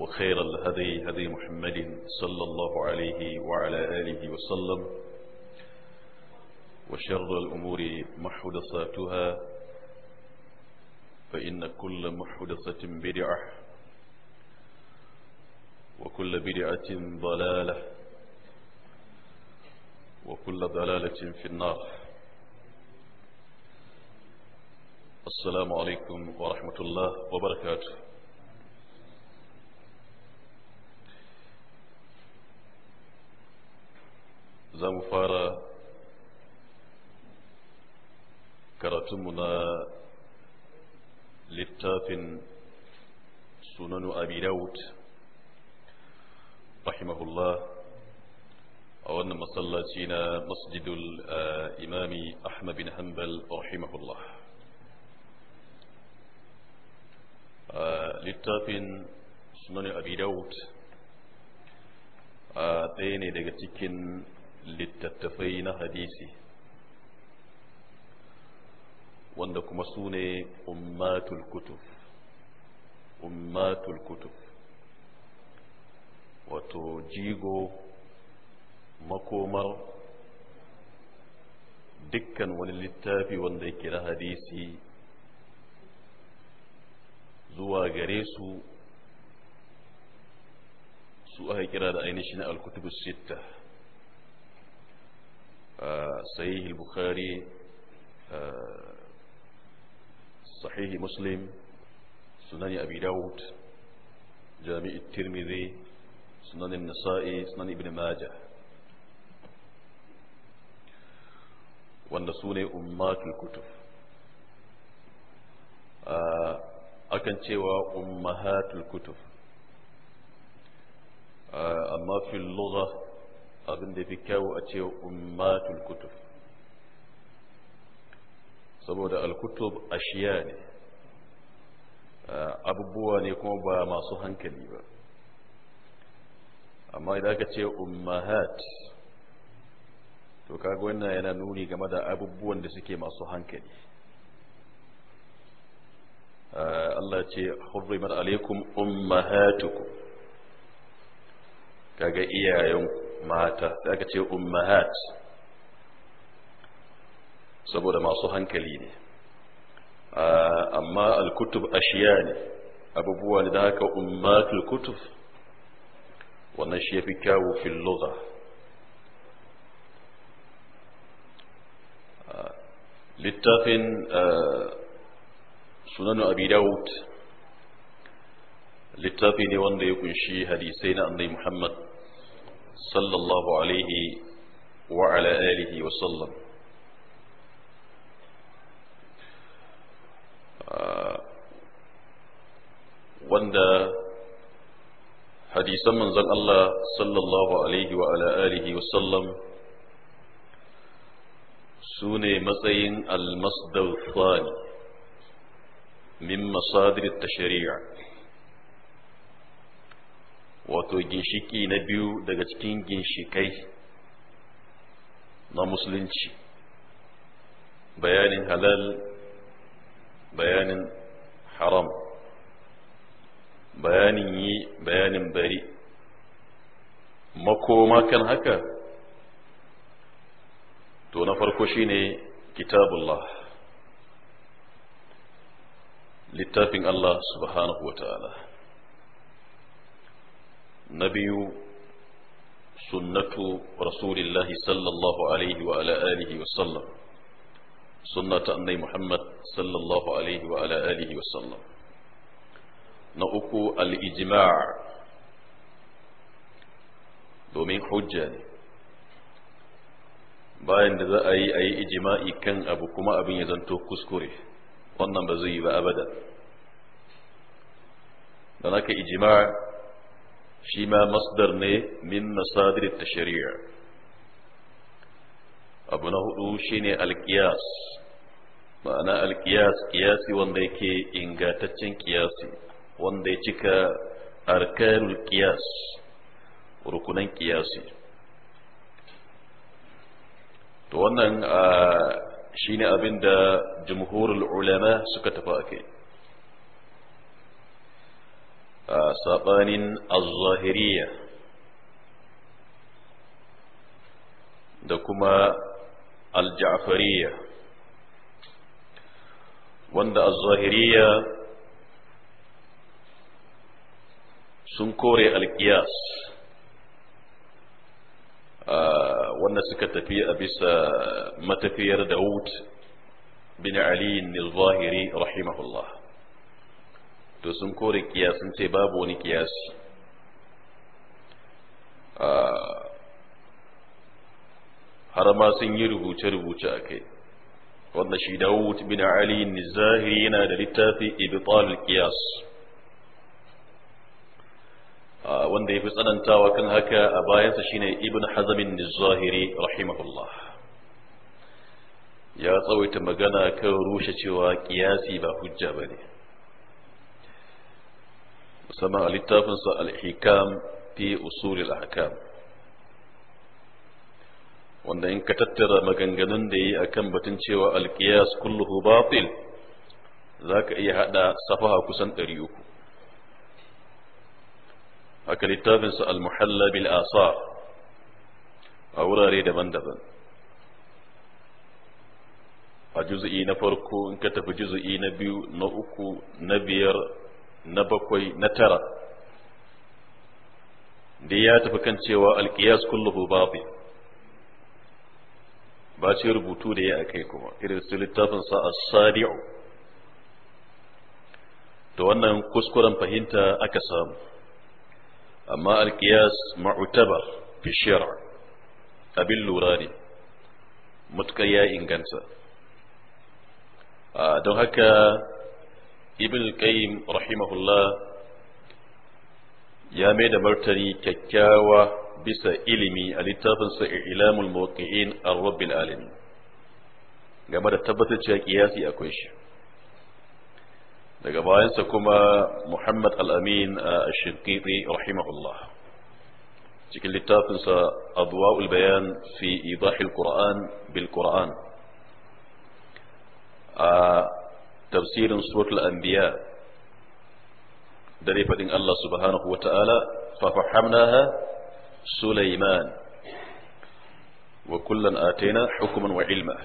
وخير الهدي هدي محمد صلى الله عليه وعلى آله وسلم وشر الأمور محدثاتها فإن كل محدثة بدعة وكل بدعة ضلالة وكل ضلالة في النار السلام عليكم ورحمة الله وبركاته za mu fara karatunmu na littafin sunanu abi daud rahimahullah a wannan masallaci na masjidul imami ahmad bin hanbal rahimahullah littafin sunanu abi daud a ɗaya ne daga cikin littattafai na hadisi wanda kuma su ne ummatul kutub wato jigo makomar dukkan wani littafi wanda yake na hadisi zuwa gare su su aka kira da ainihin alkutubu sitta آه، صحيح البخاري آه، صحيح مسلم سنن أبي داود جامع الترمذي سنن النسائي سنن ابن ماجه والنسون أمات الكتب آه، أكن kutub أمهات الكتب أما في اللغة abin da fi kyau a ce ummatul kutub saboda al-kutub ashiya ne ah, abubuwa ne kuma ba masu hankali ba amma idan aka ce ummahat to kaga wannan yana nuni game da abubuwan da suke masu hankali ah, Allah ce hurrimat alaikum ummahatukum kaga iyayenku mata sai aka ce ummahat saboda masu hankali ne amma al-kutub ashiya ne abubuwa ne da haka ummatul kutub wannan shi yafi kyawu fil lugha littafin sunan abi daud littafi ne wanda ya kunshi hadisai na annabi muhammad صلى الله عليه وعلى آله وسلم wanda hadisan manzon Allah sallallahu alaihi wa ala alihi wa sallam su ne matsayin al-masdar min masadir tashri'a wato ginshiki na biyu daga cikin ginshikai na musulunci bayanin halal bayanin haram bayanin yi bayanin bari makoma kan haka to na farko shine kitabullah littafin Allah subhanahu wa ta'ala na biyu sunnatu rasulillahi sallallahu alaihi wa ala alihi wa sallam sunna ta annai muhammad sallallahu alaihi wa ala alihi wa sallam na uku al-ijma' domin hujja ne bayan da za a yi a yi ijima'i kan abu kuma abin ya zanto kuskure wannan ba zai yi ba abada don haka ijima'a. shi ma masdar ne min masadir ta shari'a abu na hudu shine alkiyas ma'ana alkiyas kiyasi wanda yake ingantaccen kiyasi wanda ya cika arkanul kiyas rukunan kiyasi to wannan shine abin da jumhurul ulama suka tafi a kai صبان الظاهرية دكما الجعفرية وند الظاهرية سنكوري القياس آه، وند سكتفي أبيس آه، متفير داود بن علي الظاهري رحمه الله to sun kore kiyas sun ce babu wani kiyasi ah, har ma sun yi rubuce-rubuce a kai wanda shi dawud bin ali nizahiri yana da littafi ibtal kiyas. Ah, wanda ya fi tsanantawa kan haka a bayansa shine ibn hazamin nizahiri rahimahullah ya tsawaita magana kan rushe cewa kiyasi ba hujja ba ne sama a littafinsa al-hikam fi usulil ahkam wanda in ka tattara maganganun da yi akan batun cewa al-qiyas kulluhu batil zaka iya hada safaha kusan 300 haka littafinsa al-muhalla bil asar a wurare daban-daban a juzu'i na farko in ka tafi juzu'i na biyu na uku na biyar na bakwai na tara da ya tafi kan cewa alkiyas kulluhu batil ba ce rubutu da ya akai kuma irin su littafin sa sadiu to wannan kuskuren fahimta aka samu amma alkiyas ma'utabar fi shari'a abin lura ne matukar ya inganta don haka ibn al-qayyim rahimahullah ya mai da martani kyakkyawa bisa ilimi a littafinsa ilamul muwaqqi'in ar-rabbil alamin game da tabbatar cewa kiyasi akwai shi daga bayansa kuma Muhammad al-Amin ash-Shinqiti rahimahullah cikin littafinsa Adwa'ul Bayan fi Idahil Qur'an bil Qur'an tafsirin suratul anbiya dare fadin Allah subhanahu wa ta'ala fafahamnaha Sulaiman wa kullan atayna hukman wa ilma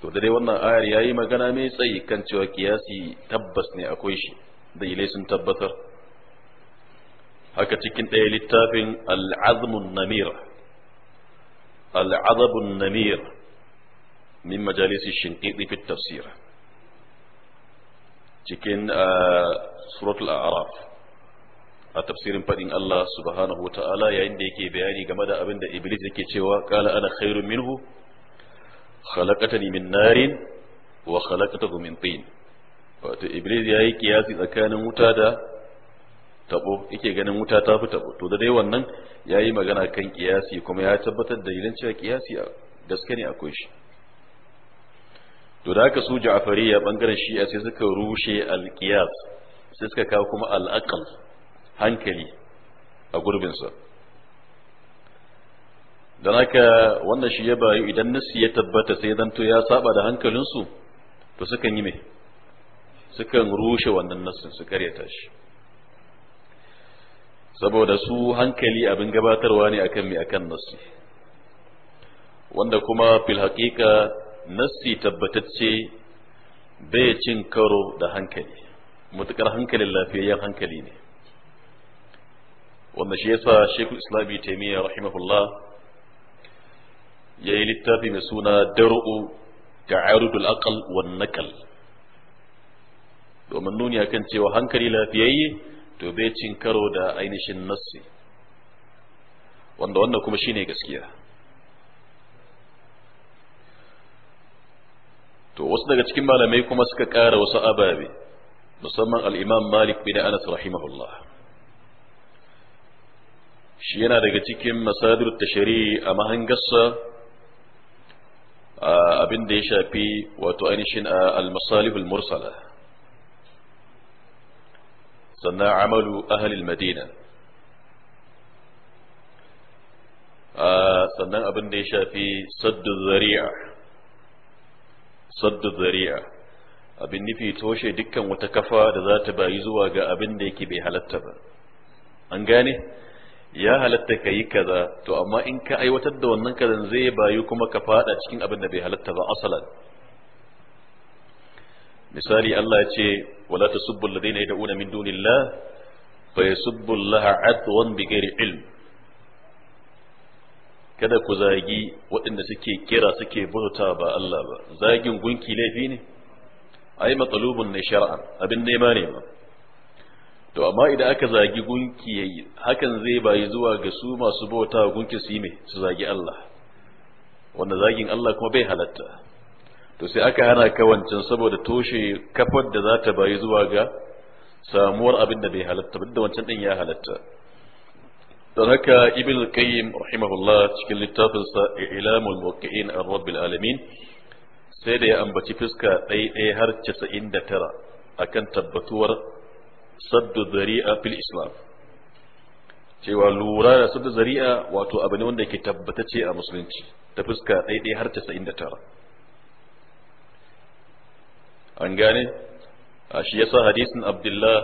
to dare wannan ayar yayi magana mai tsayi kan cewa kiyasi tabbas ne akwai shi dalilai sun tabbatar haka cikin ɗaya littafin al'azmun namir al'azabun namir min majalisi shinkiɗi fi tafsira cikin uh, a araf a tafsirin faɗin Allah subhanahu wa ta'ala yayin da yake bayani game da abin da iblis yake cewa ƙala ana khairun minhu khalaqatani min narin wa khalaqatahu min tin wato iblis yi kiyasi tsakanin wuta da tabo yake ganin wuta ta fi tabo to da dai wannan yi magana kan kiyasi kuma ya tabbatar da idan cewa kiyasi gaske ne akwai shi to da haka su ja'fariya bangaren shi'a sai suka rushe al-qiyas sai suka kawo kuma al-aql hankali a gurbinsa don haka wannan shi ya bayu idan na ya tabbata sai to ya saba da hankalinsu to sukan yi me sukan rushe wannan nassin su karyata shi saboda su hankali abin gabatarwa ne akan me akan nassi wanda kuma fil haƙiƙa nassi tabbatacce bai cin karo da hankali mutukar hankalin lafiyayyen hankali ne wanda shi yasa shekul islami taimiyya rahimahullah ya yi littafi mai suna dar'u ta'arudul aqal wan naqal domin nuni akan cewa hankali lafiyayye to bai cin karo da ainihin nassi wanda wannan kuma shine gaskiya to wasu daga cikin malamai kuma suka ƙara wasu ababe musamman al'imam malik bin anas rahimahullah shi yana daga cikin masadir tashari a mahangarsa abin da ya shafi wato ainihin al-masalihul mursala sannan amalu ahalil madina sannan abin da ya shafi saddu zari'a Sadda zari'a abin nufi toshe dukkan wata kafa da za ta bayi zuwa ga abin da yake bai halatta ba an gane ya halatta ka yi kaza to amma in ka aiwatar da wannan kazan zai bayu kuma ka fada cikin abin da bai halatta ba asalan misali Allah ya ce wala tasubbu alladhina yad'una min dunillah fa yasubbu Allah adwan bighairi ilm kada ku zagi waɗanda suke kira suke bauta ba Allah ba zagin gunki laifi ne ai matsalubun ne shar'an abin nema ne ba to amma idan aka zagi gunki yayi hakan zai bayi zuwa ga su masu bauta gunki su yi su zagi Allah wanda zagin Allah kuma bai halatta to sai aka hana ka wancan saboda toshe kafar da za ta bayi zuwa ga samuwar abin da bai halatta da wancan din ya halatta don haka ibn qayyim rahimahullah cikin littafinsa ilamul muwaqqi'in an rabbil alamin sai da ya ambaci fuska ɗaiɗaya har 99 akan tabbatuwar saddu zari'a fil islam cewa lura da saddu zari'a wato abu ne wanda ke tabbatace a musulunci ta fuska ɗaiɗaya har 99 an gane shi yasa hadisin abdullah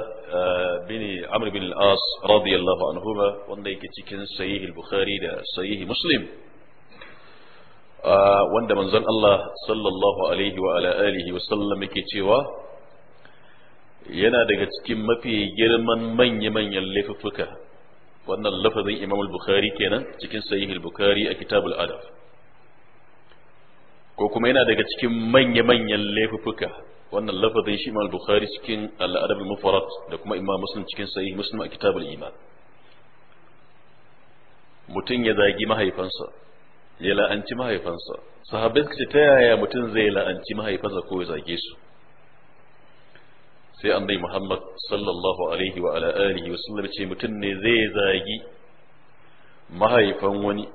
Bini amr bin al-as radiyallahu anhuma wanda yake cikin sahih bukhari da sahih muslim wanda manzon Allah sallallahu alaihi wa ala alihi wa sallam yake cewa yana daga cikin mafi girman manya-manyan laifuffuka wannan lafazin imam al-bukhari kenan cikin sahih bukhari a kitabul al-adab ko kuma yana daga cikin manya-manyan laifuffuka wannan lafazin shi imam bukhari cikin al'adab al-mufarad da kuma imam muslim cikin sahih muslim a kitab al-iman mutum ya zagi mahaifansa ya la'anci mahaifansa sahabbai suka ce ta yaya mutum zai la'anci mahaifansa ko ya zage su sai annabi muhammad sallallahu alaihi wa ala alihi wa sallam ce mutum ne zai zagi mahaifan wani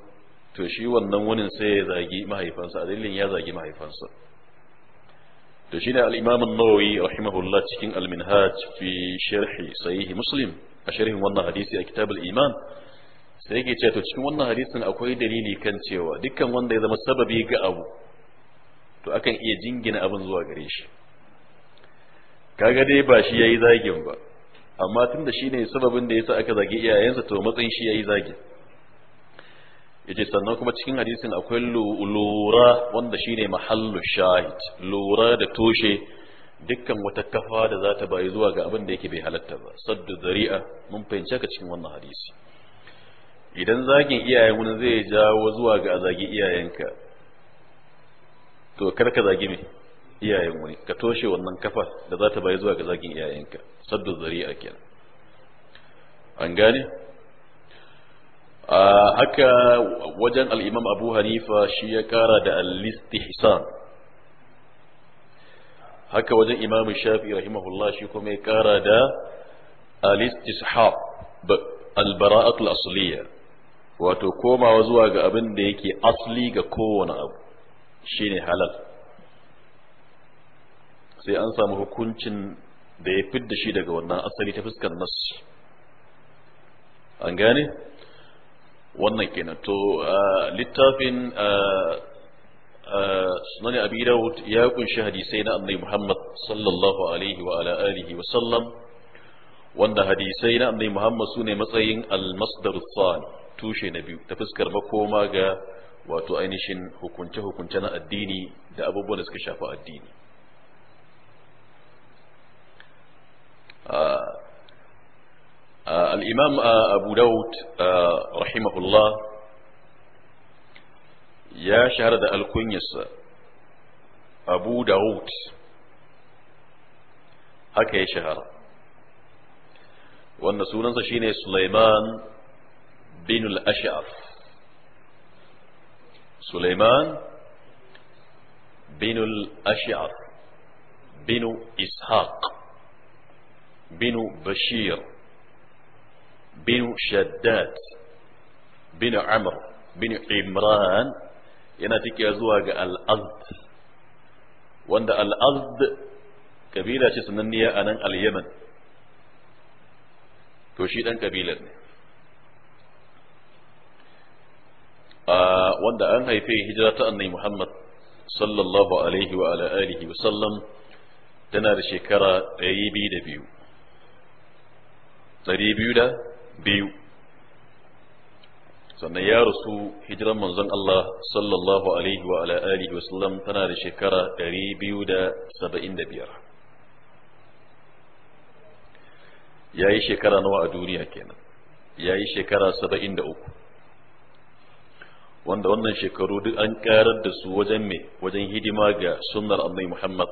to shi wannan wani sai ya zagi mahaifansa a dalilin ya zagi mahaifansa da shine al-imam an-nawawi rahimahullah cikin al-minhaj fi sharh sahih muslim a sharhin wannan hadisi a kitab al-iman sai yake cewa to cikin wannan hadisin akwai dalili kan cewa dukkan wanda ya zama sababi ga abu to akan iya jingina abin zuwa gare shi kaga dai ba shi yayi zagin ba amma tunda shine sababin da yasa aka zagi iyayensa to matsayin shi yayi zagin yace sannan kuma cikin hadisin akwai lura wanda shine mahallu shahid lura da toshe dukkan wata kafa da za ta bayi zuwa ga abin da yake bai halatta ba saddu zari'a mun fahimci ka cikin wannan hadisi idan zagin iyayen wani zai jawo zuwa ga zagi iyayenka to kar ka zagi me iyayen wani ka toshe wannan kafa da za ta bayi zuwa ga zagin iyayenka saddu zari'a kenan an gane haka wajen al'imam abu hanifa shi ya kara da al-istihsan haka wajen imam shafi rahimahullah shi kuma ya kara da al-istishab al-bara'atul asliya wato komawa zuwa ga abin da yake asli ga kowane abu shine halal sai an samu hukuncin da ya fidda shi daga wannan asali ta fuskar nas an gane wannan kenan to littafin sunan abi daud ya kunshi hadisai na annabi muhammad sallallahu alaihi wa ala alihi wa sallam wanda hadisai na annabi muhammad sune matsayin al-masdar tushe na biyu ta fuskar makoma ga wato ainihin hukunce-hukunce na addini da abubuwan da suka shafi addini آه، الإمام آه، أبو داود آه، رحمه الله يا شهر ذا الكنيس أبو داود هكا يا شهر وأن سونا شيني سليمان بن الأشعر سليمان بن الأشعر بن إسحاق بن بشير bin shaddad bin amr bin imran yana tike zuwa ga al'azd wanda al'azd kabila ce sananniya a nan al-yaman to shi dan kabilar ne wanda an haife hijira ta annai muhammad sallallahu alaihi wa ala wa sallam tana da shekara biyu sannan ya rasu hijiran manzon Allah sallallahu alaihi wa ala alihi wa sallam tana da shekara biyu da da saba'in biyar. Ya yi shekara nawa a duniya kenan Ya yi shekara saba'in da uku. wanda wannan shekaru duk an ƙarar da su wajen me wajen hidima ga sunnar annabi Muhammad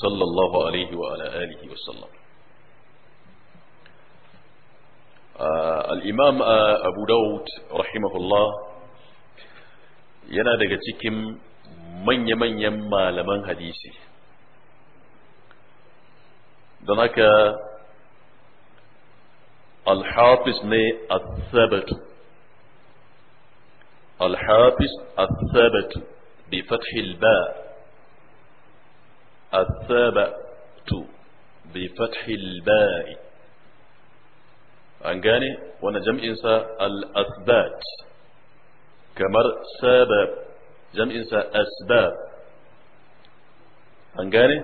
sallallahu alaihi wa ala alihi wa sallam al'imam abu daud rahimahullah yana daga cikin manya-manyan malaman hadisi don haka alhafis ne a sabatu alhafis a sabatu bi fathil ba a sabatu bi fathil ba'i an gane wanda jam'insa al-asbat kamar sabab jam'insa asbab an gane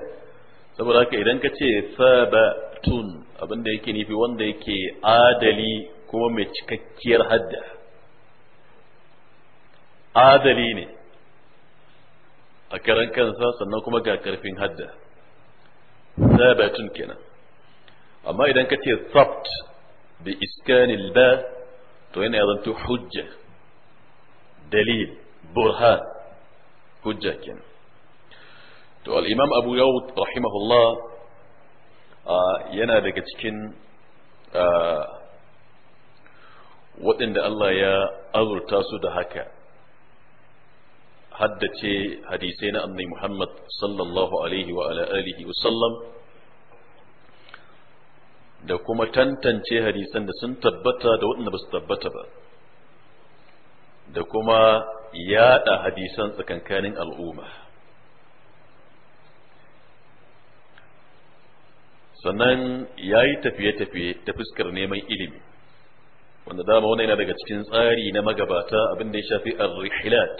saboda haka idan ka ce sabatun abinda yake nufi wanda yake adali kuma mai cikakkiyar hadda adali ne a karan kansa sannan kuma ga karfin hadda sabatun kenan amma idan ka ce sabt bi iskanil ba to yana zanto hujja dalil burhan hujja kenan to al-imam abu yawud rahimahullah yana daga cikin waɗanda Allah ya azurta su da haka haddace hadisai na annai Muhammad sallallahu alaihi wa alihi wa sallam da kuma tantance hadisan da sun tabbata da waɗanda ba su tabbata ba da kuma yada hadisan tsakankanin al'umma sannan ya yi tafiye-tafiye ta fuskar neman ilimi wanda dama wani yana daga cikin tsari na magabata abin da ya shafi arrihilat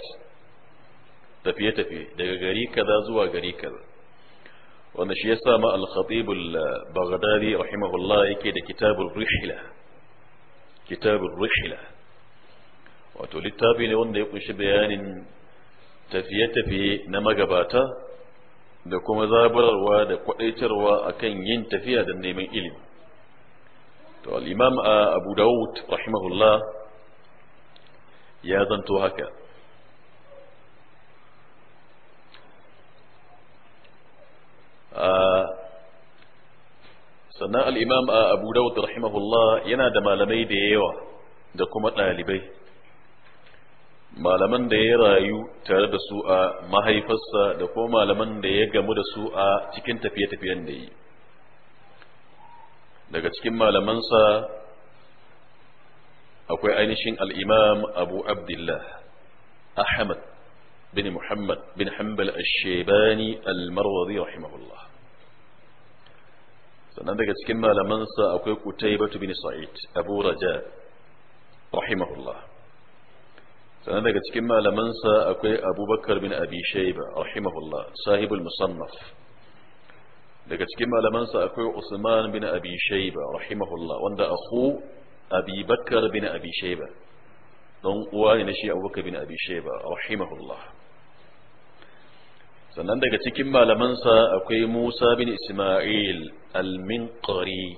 tafiye-tafiye daga gari kaza zuwa gari kaza wanda shi ya sama al-khatibul baghdadi rahimahullah yake da kitabul rihla kitabul rihla wato littafi ne wanda ya kunshi bayanin tafiye-tafiye na magabata da kuma zabararwa da kwadaitarwa akan yin tafiya da neman ilimi to al-imam abu dawud rahimahullah ya zanto haka Ah, sannan al'imam a ah, abu dawud rahimahullah yana da malamai da yawa da kuma ɗalibai malaman da ya rayu tare da su a mahaifarsa da kuma malaman da ya gamu da su a cikin tafiye-tafiyen da yi daga cikin malamansa akwai ainihin al'imam abu abdullah ahmad بن محمد بن حنبل الشيباني المروضي رحمه الله sannan daga cikin malamansa akwai kutaibatu bin sa'id abu raja rahimahullah sannan daga cikin malamansa akwai abubakar bin abi shaiba rahimahullah sahibul musannaf daga cikin malamansa akwai usman bin abi shaiba rahimahullah wanda akhu abi bakar bin abi shayba don uwa ne na shi abubakar bin abi shaiba rahimahullah sannan daga cikin malamansa akwai Musa bin Ismail al-Minqari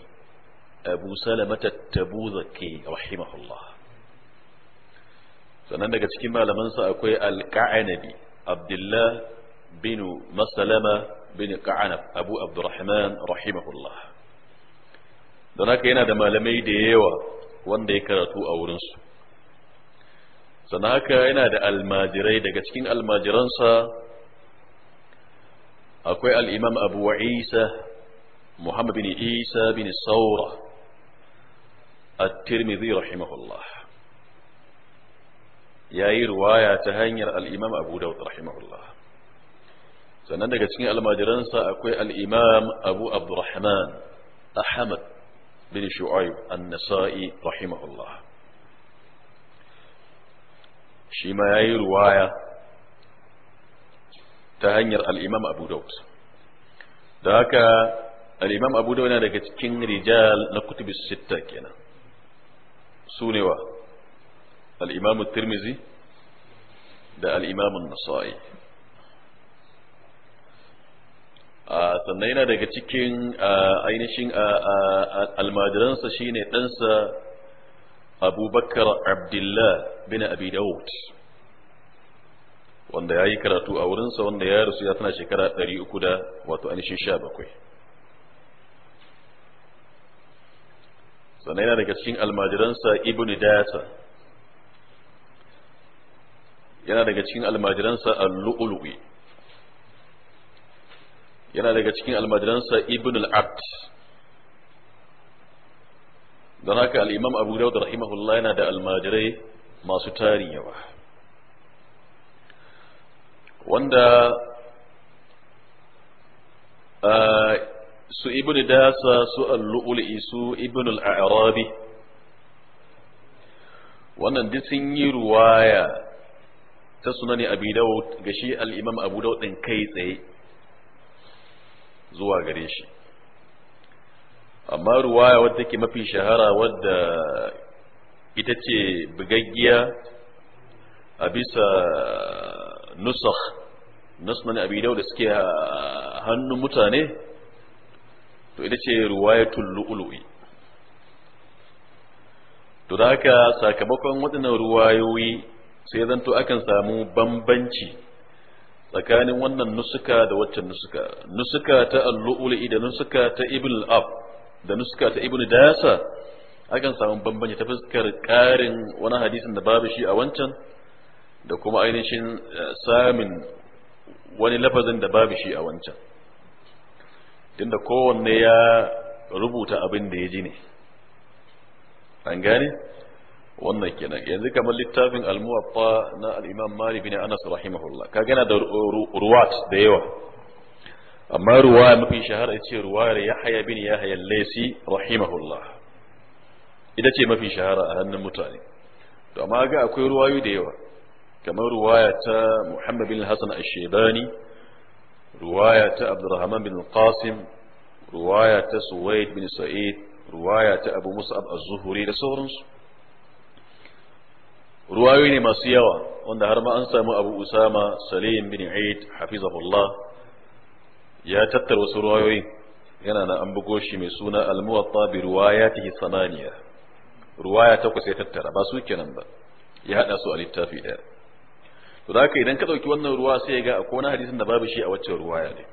Abu Salama at-Tabuzaki rahimahullah sannan daga cikin malamansa akwai al-Qa'anabi Abdullah bin Masalama bin Qa'anab Abu Abdurrahman rahimahullah don haka yana da malamai da yawa wanda ya karatu a wurinsu sannan haka yana da almajirai daga cikin almajiransa akwai al'imam abu isa muhammad bin isa bin saura at-tirmidhi rahimahullah yayi riwaya ta hanyar al-imam abu daud rahimahullah sannan daga cikin almajiransa akwai al-imam abu abdurrahman ahmad bin shu'aib an-nasa'i rahimahullah shi ma yayi riwaya ta hanyar al'imam imam abu daud da haka al'imam imam abu daud yana daga cikin rijal na kutubus sita kenan su ne wa al Turmizi da al-imam A nasai sannan yana daga cikin ainihin almajiransa shine ɗansa abubakar abdullah bin abi daud wanda ya yi karatu a wurinsa wanda ya rasu ya tana shekara ɗari uku da wato ainihin 17 sannan yana daga cikin almajiransa ibn data yana daga cikin almajiransa al-lu'lu'i yana daga cikin almajiransa ibn al-abd don haka al-imam abu dawud rahimahullah yana da almajirai masu tarin yawa wanda eh, su ibn dasa su al-lu'lu'i ibn al-a'rabi wannan duk sun yi ruwaya ta sunani abi dawud ga shi al-imam abu dawud din kai tsaye zuwa gare shi amma ruwaya wadda take mafi shahara wadda ita ce bugaggiya a bisa nusakh na abi daud da suke hannun mutane to ita ce ruwayatul lu'lu'i to da haka sakamakon waɗannan ruwayoyi sai zanto akan samu bambanci tsakanin wannan nusuka da waccan nusuka nusuka ta al-lu'lu'i da nusuka ta ibn al-ab da nusuka ta ibn dasa akan samu bambanci ta fuskar karin wani hadisin da babu shi a wancan da kuma ainihin eh, samin wani lafazin da babu shi a wancan tunda kowanne ya rubuta abin da ya ji ne an gane wannan kenan yanzu kamar littafin al na al'imam mari bin anas rahimahullah ka gana da ruwat da yawa amma ruwa mafi shahara ce ruwayar haya bin ya al laisi rahimahullah ita ce mafi shahara a hannun mutane to amma ga akwai Ruwayu da yawa كما رواية محمد بن الحسن الشيباني رواية عبد الرحمن بن القاسم رواية سويد بن سعيد رواية أبو مصعب الزهري لسورنس رواية ما سيوا وأن هرما أنسى أبو أسامة سليم بن عيد حفظه الله يا تتر وسروايوي أنا na an الموطا برواياته mai رواية almuwatta bi ruwayatihi samaniya نمبر يا هذا سؤال التافي to da idan ka ɗauki wannan ruwa sai ga akwai kona hadisin da babu shi a waccan ruwaya ne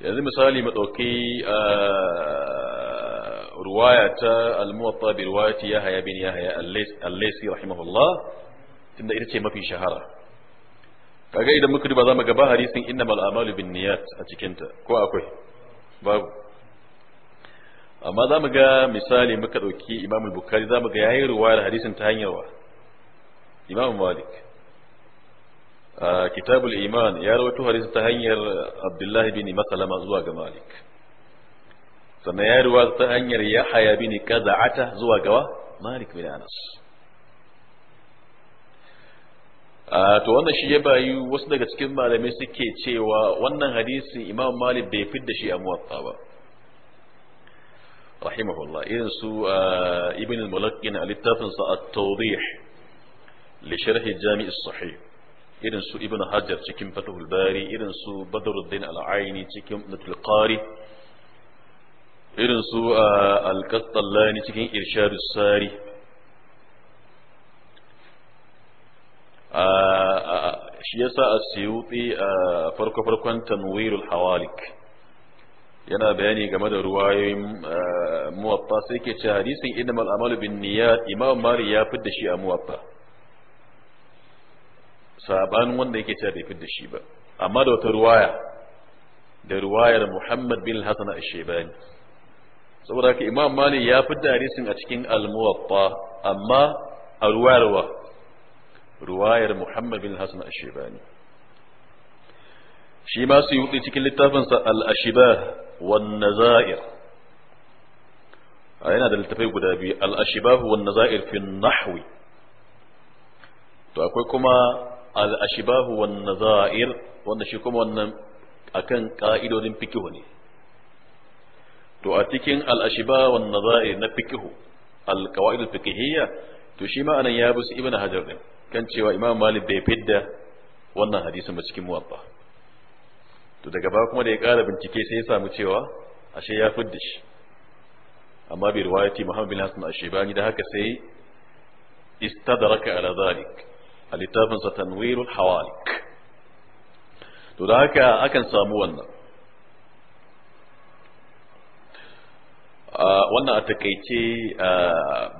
yanzu misali mu ɗauki ah, ruwaya ta al-muwatta bi ya yahya bin yahya al-laysi rahimahullah tunda ita ce mafi shahara kaga idan muka duba zamu ga ba hadisin innamal a'malu niyyat a cikin ta ko akwai babu amma zamu ga misali muka ɗauki imam al-bukhari zamu ga yayi ruwayar hadisin ta hanyar wa imam malik kitabul iman ya rawaito hadisi ta hanyar abdullahi bin masalama zuwa ga malik sannan ya rawaito ta hanyar yahaya bin kaza'ata zuwa ga malik bin anas to wannan shi ya bayu wasu daga cikin malamai suke cewa wannan hadisi imam malik bai fidda shi a muwatta ba rahimahullah irin su ibn al-mulaqqin a littafin sa at-tawdih li sharh jami' as-sahih irin su ibn hajar cikin fatahul bari irin su badruddin al-aini cikin mutlqari irin su al-qastallani cikin irshadus sari shi yasa as-suyuti farko farkon tanwirul hawalik yana bayani game da ruwayoyin muwatta sai ke ce hadisin innamal amalu bin niyyat imam mali ya fidda shi a muwatta sabanin wanda yake cewa bai da shi ba amma da wata ruwaya da ruwayar Muhammad bin Hassan a shebani. saboda haka Imam Malik ya fidda hadisin a cikin al amma a ruwayar wa? ruwayar Muhammad bin Hassan a shebani. shi ma su yi cikin littafinsa al-Ashibah wan Nazair yana da littafai guda biyu al-Ashibah wan Nazair fi nahwi to akwai kuma Al'ashibahu ashbahu nazair wanda shi kuma wannan akan ka'idodin fikihu ne to a cikin al-ashba za'ir na fikihu al-qawaid al to shi ma ya busu Ibn ibnu hajar din kan cewa imam malik bai fidda wannan hadisin ba cikin muwatta to daga ba kuma da ya ƙara bincike sai ya samu cewa ashe ya fidda shi amma bai riwayati muhammad bin hasan ashebani da haka sai istadraka ala zalik a sa tanwirul hawalik to da haka akan samu wannan wannan a takaice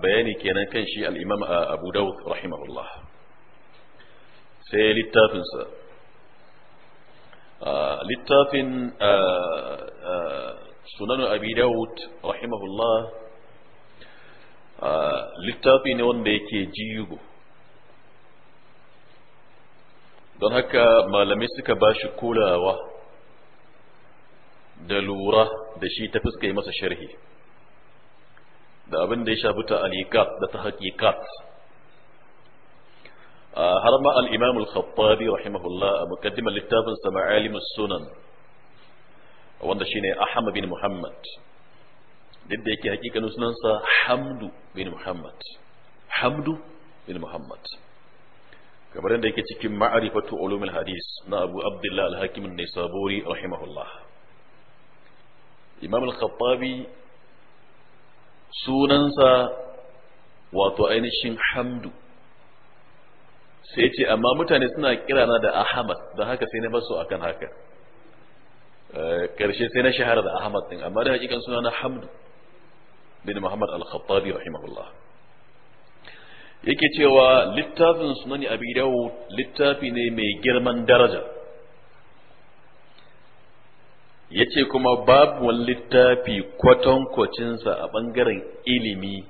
bayani kenan kan shi al-imam abu dawud rahimahullah sai sa littafin sunan abi dawud rahimahullah littafi ne wanda yake jiyugo don haka malamai suka ba shi kulawa da lura da shi ta fuskai masa sharhi da abin da ya shafi ta'alikat da ta haƙiƙat har ma al-imam al-khattabi rahimahullah a muqaddimar littafin sa ma'alim sunan wanda shine ahmad bin muhammad duk da yake haƙiƙanin sunansa hamdu bin muhammad hamdu bin muhammad kamar yadda yake cikin ma'arifatu ulumul hadis na Abu Abdullah al-Hakim an-Nisaburi rahimahullah Imam al-Khattabi sunansa wato ainihin Hamdu sai ce amma mutane suna kirana da Ahmad da haka sai na basu akan haka eh, karshe sai na shahara da Ahmad din amma da hakikan suna na Hamdu bin Muhammad al-Khattabi rahimahullah yake cewa littafin sunani abi dawo littafi ne mai girman daraja ya ce kuma babu wani littafi kwatankwacinsa a ɓangaren ilimi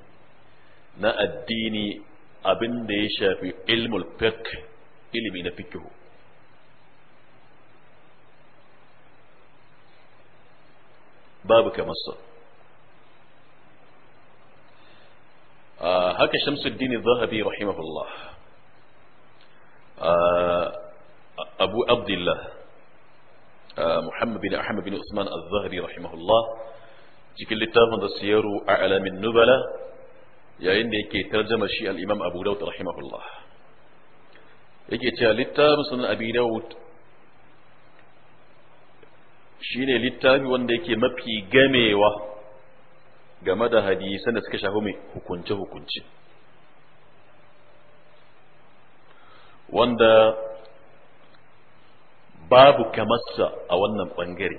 na addini abin da ya shafi ilmul fiqh ilimi na fiqh babu kamar sa haka shamsuddin zahabi rahimahullah abu abdullah muhammad bin ahmad bin usman az-zahabi rahimahullah cikin littafin da siyaru a alamin nubala yayin da yake tarjama shi al-imam abu daud rahimahullah yake cewa littafin sunan abi daud shine littafi wanda yake mafi gamewa game da hadisan da suka shafi mai hukunce-hukunce wanda babu kamarsa a wannan ɓangare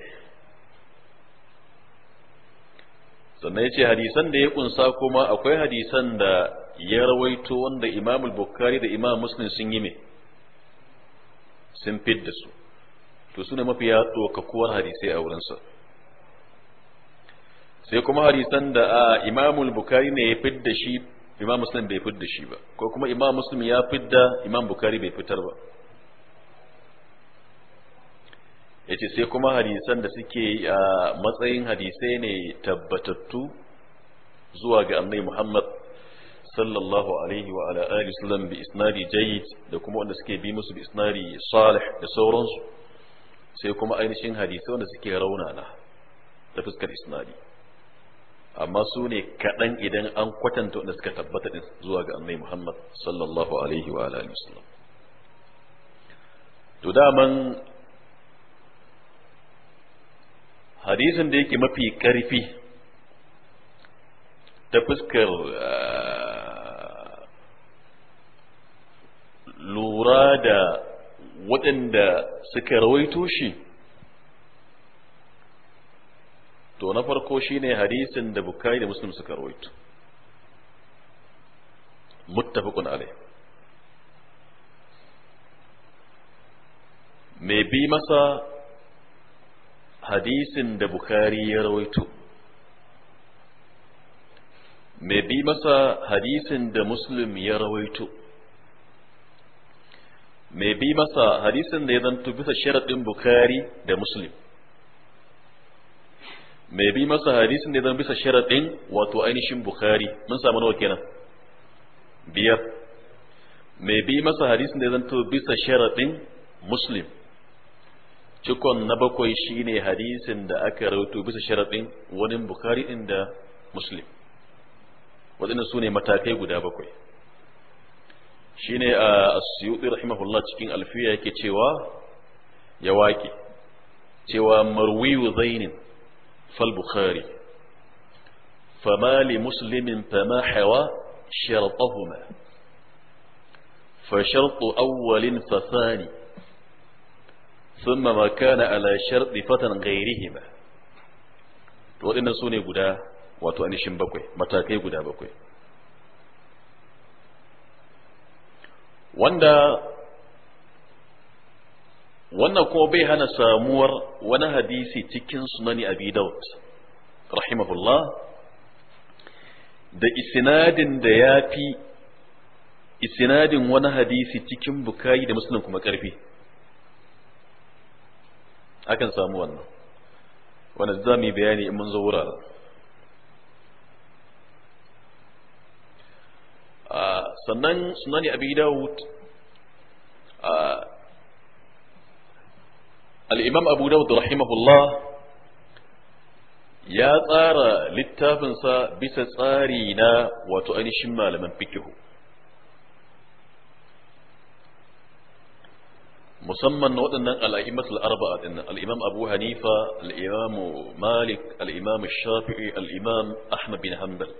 sannan ya ce hadisan da ya kunsa kuma akwai hadisan da ya rawaito wanda imam bukhari da imam muslim sun yi mai sun fidda su to su mafiya kuwar hadisai a wurinsa sai kuma hadisan da imamul bukari ne ya fidda shi imam muslim bai fidda shi ba ko kuma imam muslim ya fidda imam bukari bai fitar ba ce sai kuma hadisan da suke a matsayin hadisai ne tabbatattu zuwa ga annabi muhammad sallallahu alaihi wa ala alihi sallam bi isnadi jayyid da kuma wanda suke bi musu bi isnadi salih da sauransu sai kuma ainihin hadisai wanda suke raunana da fuskar isnadi amma su ne kaɗan idan an kwatanta wanda suka tabbata din zuwa ga annai muhammad sallallahu alaihi wa alihi wasallam to daman hadisin da yake mafi ƙarfi ta fuskar ah, lura da waɗanda suka rawaito shi to na farko shine hadisin da bukari da muslim suka rawaito muttafaqun alai Me bi masa hadisin da bukari ya rawaito Me bi masa hadisin da muslim ya rawaito Me bi masa hadisin da ya zanto bisa sharaɗin bukari da muslim mai bi masa hadisin ne zan bisa sharaɗin wato ainihin bukhari mun samu nawa kenan biyar mai bi masa hadisin ne zan to bisa sharaɗin muslim cikon na bakwai shine hadisin da aka rawaito bisa sharaɗin wani bukhari din da muslim waɗannan su ne matakai guda bakwai shine a asyuti rahimahullah cikin alfiya yake cewa ya waƙe cewa marwiyu zainin فالبخاري فما لمسلم فما حوى شرطهما فشرط أول فثاني ثم ما كان على شرط فتن غيرهما waɗannan su ne guda wato anishin bakwai matakai guda bakwai wanda wannan kuma bai hana samuwar wani hadisi cikin sunani abi daud rahimahullah da isinadin da ya fi isinadin wani hadisi cikin Bukayi da musulun kuma karfi akan samu wannan Wani za mu yi bayani in mun zo wuraren ah, sannan sunani abi daud ah, الإمام أبو داود رحمه الله يا طارة للتافنسا بسطارينا وتؤني شما لمن فكه مسمى نودنا الأئمة الأربعة الإمام أبو هنيفة الإمام مالك الإمام الشافعي الإمام أحمد بن حنبل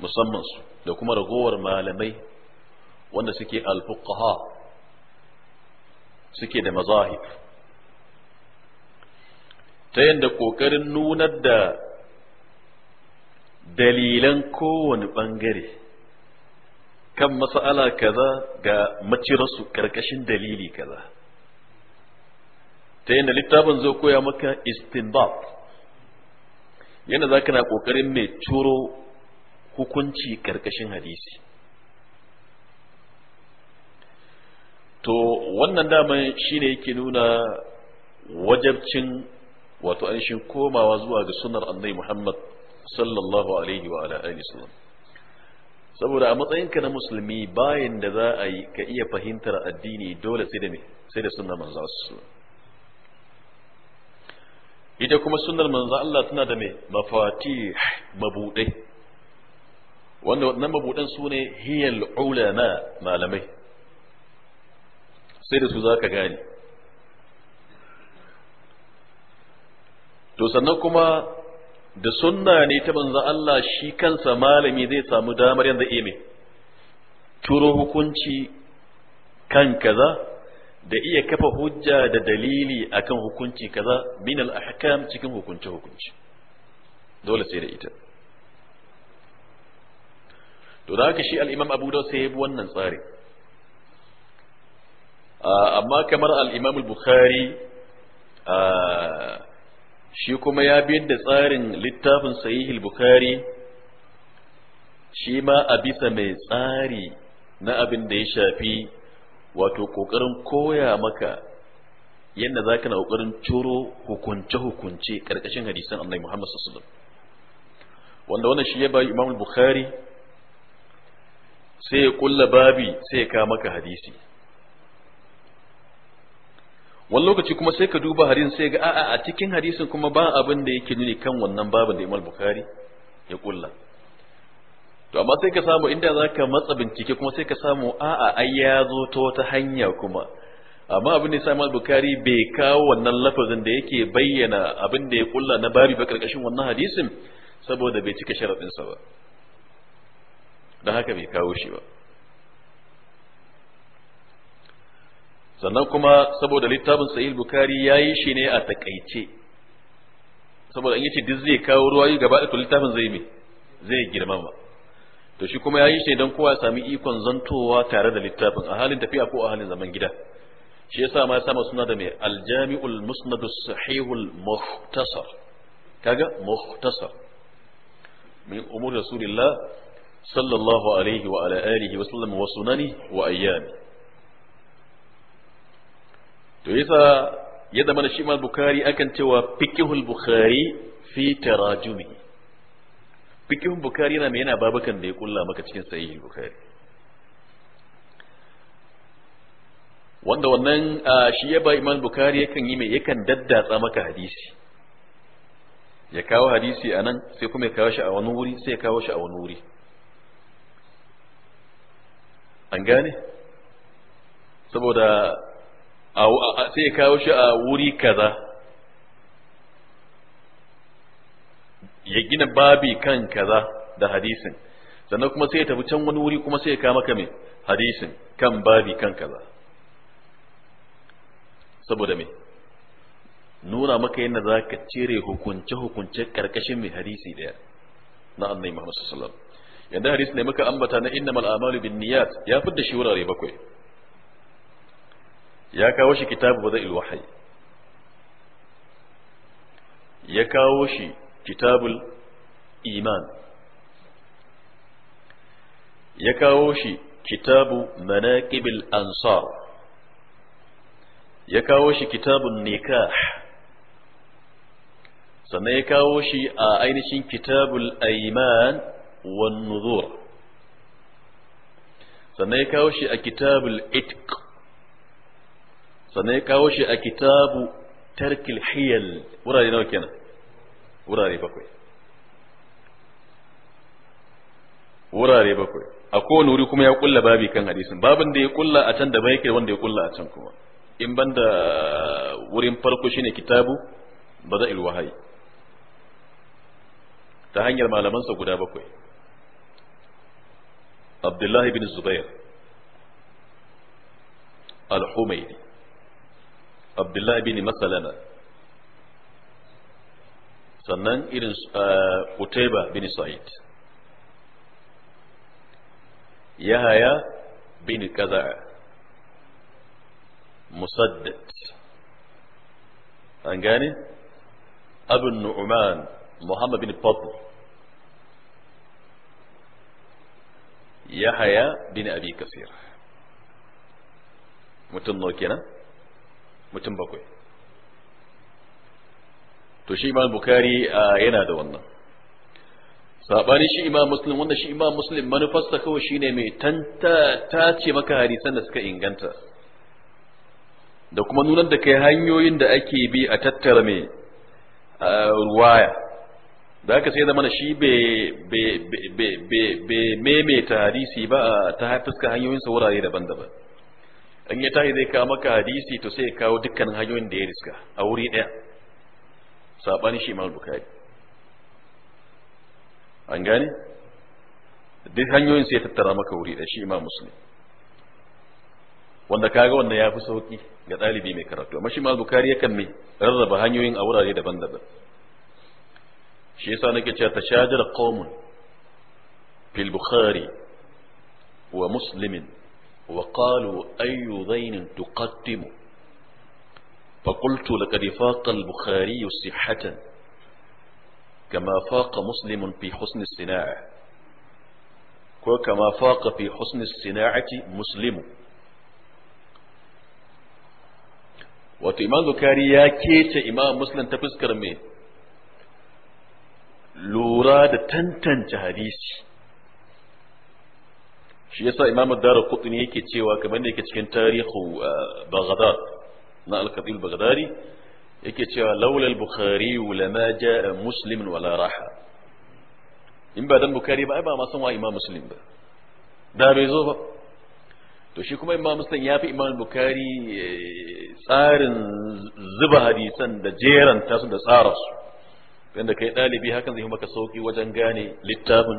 مسمى لو كما رغور مالمي وانا سكي الفقهاء suke da mazahib ta yadda ƙoƙarin nunar da dalilan kowane ɓangare kan mas'ala kaza ga macirarsu ƙarƙashin dalili kaza ta yadda littafin zai koya maka istinbat yana za na ƙoƙarin mai turo hukunci ƙarƙashin hadisi to wannan daman shi shine yake nuna wajabcin wato ainihin komawa zuwa ga sunar annabi Muhammad sallallahu alaihi wa alihi wasallam saboda a matsayinka na musulmi bayan da za a yi ka iya fahimtar addini dole sai da me sai da sunnar manzo sallallahu ita kuma sunar manzo Allah tana da me mafatih mabudai wanda wannan mabudan sune hiyal ulama malamai sai da su za ka gane to sannan kuma da sunna ne ta manzo Allah shi kansa malami zai samu damar yanda iya mai turo hukunci kan kaza da iya kafa hujja da dalili akan hukunci kaza min al-ahkam cikin hukunce hukunci dole sai da ita to da haka shi al-imam Abu Dawud sai ya bi wannan tsari amma kamar al bukhari shi kuma ya biyar da tsarin littafin sahih bukhari shi ma a bisa mai tsari na abin da ya shafi wato ƙoƙarin koya maka yadda za ka na ƙoƙarin ciro hukunce-hukunce ƙarƙashin hadisan annai Muhammad sallallahu wanda wannan shi ya bayi Imam Bukhari sai ya kulla babi sai ya kawo maka hadisi wani lokaci kuma sai ka duba harin sai ga a'a a cikin hadisin kuma ba abin da yake nuni kan wannan babin da Imam Bukhari ya kulla to amma sai ka samu inda zaka matsa bincike kuma sai ka samu a'a ai ya zo ta wata hanya kuma amma abin da Imam Bukhari bai kawo wannan lafazin da yake bayyana abin da ya kulla na babi ba karkashin wannan hadisin saboda bai cika sharadin sa ba dan haka bai kawo shi ba sannan kuma saboda littafin sahih bukari yi shi ne a takaice saboda yi ce duk zai kawo ruwayi gaba da littafin zai zai girmama to shi kuma yi shi dan kowa ya sami ikon zantowa tare da littafin a halin tafiya ko a halin zaman gida shi yasa ma sama suna da mai aljami'ul musnadus sahihul muhtasar kaga muhtasar min umur rasulillah sallallahu alaihi wa ala alihi wa sallam wa sunani wa ayyami to yasa ya zama da shi ma bukari akan cewa fiqhul bukhari fi tarajumi fiqhul bukhari yana mai yana babakan da ya kulla maka cikin sahih bukhari wanda wannan shi ya ba imam bukari yakan yi mai yakan daddatsa maka hadisi ya kawo hadisi a nan sai kuma ya kawo shi a wani wuri sai ya kawo shi a wani wuri an gane saboda sai ya kawo shi a wuri kaza ya gina babi kan kaza da hadisin sannan kuma sai ya tafi can wani wuri kuma sai ya kawo maka mai hadisin kan babi kan kaza saboda me nuna maka yadda za ka cire hukunce-hukunce karkashin mai hadisi daya na annai muhammadu sallallahu alaihi wasallam yanda hadisi ne maka ambata na innamal amalu bin niyat ya fidda shi wurare bakwai ya kawo shi kitabu ba zai wahayi ya kawo shi kitabul iman ya kawo shi kitabu manaqibil ansar ya kawo shi kitabun nikah sannan ya kawo shi a ainihin kitabul aiman wan nuzur sannan ya kawo shi a kitabul itq sannan ya kawo shi a kitabu tarkil hiyal wurare nawa kenan wurare bakwai wurare bakwai a kowane wuri kuma ya kulla babi kan hadisin babin da ya kulla a can da bai yake wanda ya kulla a can kuma in banda wurin farko shine kitabu bada'il wahayi ta hanyar malamansa guda bakwai Abdullahi bin Zubair al-Humaydi عبد الله بن مسلمة sannan irin Utaiba bin Sa'id Yahaya bin Kaza'a Musaddad an gane Abu Nu'man Muhammad bin Fadl Yahaya bin Abi Kasir mutum nau kenan mutum bakwai to shi imam bukari yana da wannan sabani shi imam muslim wanda shi imam muslim manufarsa kawai shine mai tanta ta ce maka hadisan da suka inganta da kuma nunar da kai hanyoyin da ake bi a tattara mai ruwaya da aka sai zama shi bai maimaita hadisi ba ta fuska hanyoyinsa wurare daban-daban in ya tahi zai kawo maka hadisi to sai ya kawo dukkanin hanyoyin da ya riska a wuri ɗaya saɓani shi imam bukari an gane duk hanyoyin sai ya tattara maka wuri ɗaya shi ma musulmi. wanda kaga wanda ya fi sauƙi ga ɗalibi mai karatu amma shi imam bukari yakan mai rarraba hanyoyin a wurare daban-daban shi yasa nake cewa tashajara qaumun fil bukhari wa muslimin وقالوا أي ذين تقدم فقلت لقد فاق البخاري صحة كما فاق مسلم في حسن الصناعة وكما فاق في حسن الصناعة مسلم wato ذكاري يا كيت إمام مسلم تفسكر ta لورا تنتن lura shi yasa imamu dara kutuni yake cewa kamar da yake cikin tarihu eh, baghdad na al Bagadari baghdadi yake cewa laula al-bukhari lama jaa muslim wala raha in ba dan bukhari ba ai ba ma san wa imam muslim ba da bai zo ba to shi kuma imam muslim ya fi imam bukhari eh, tsarin zuba hadisan da jeran tasu da tsara su wanda kai ɗalibi hakan zai maka sauki wajen gane littafin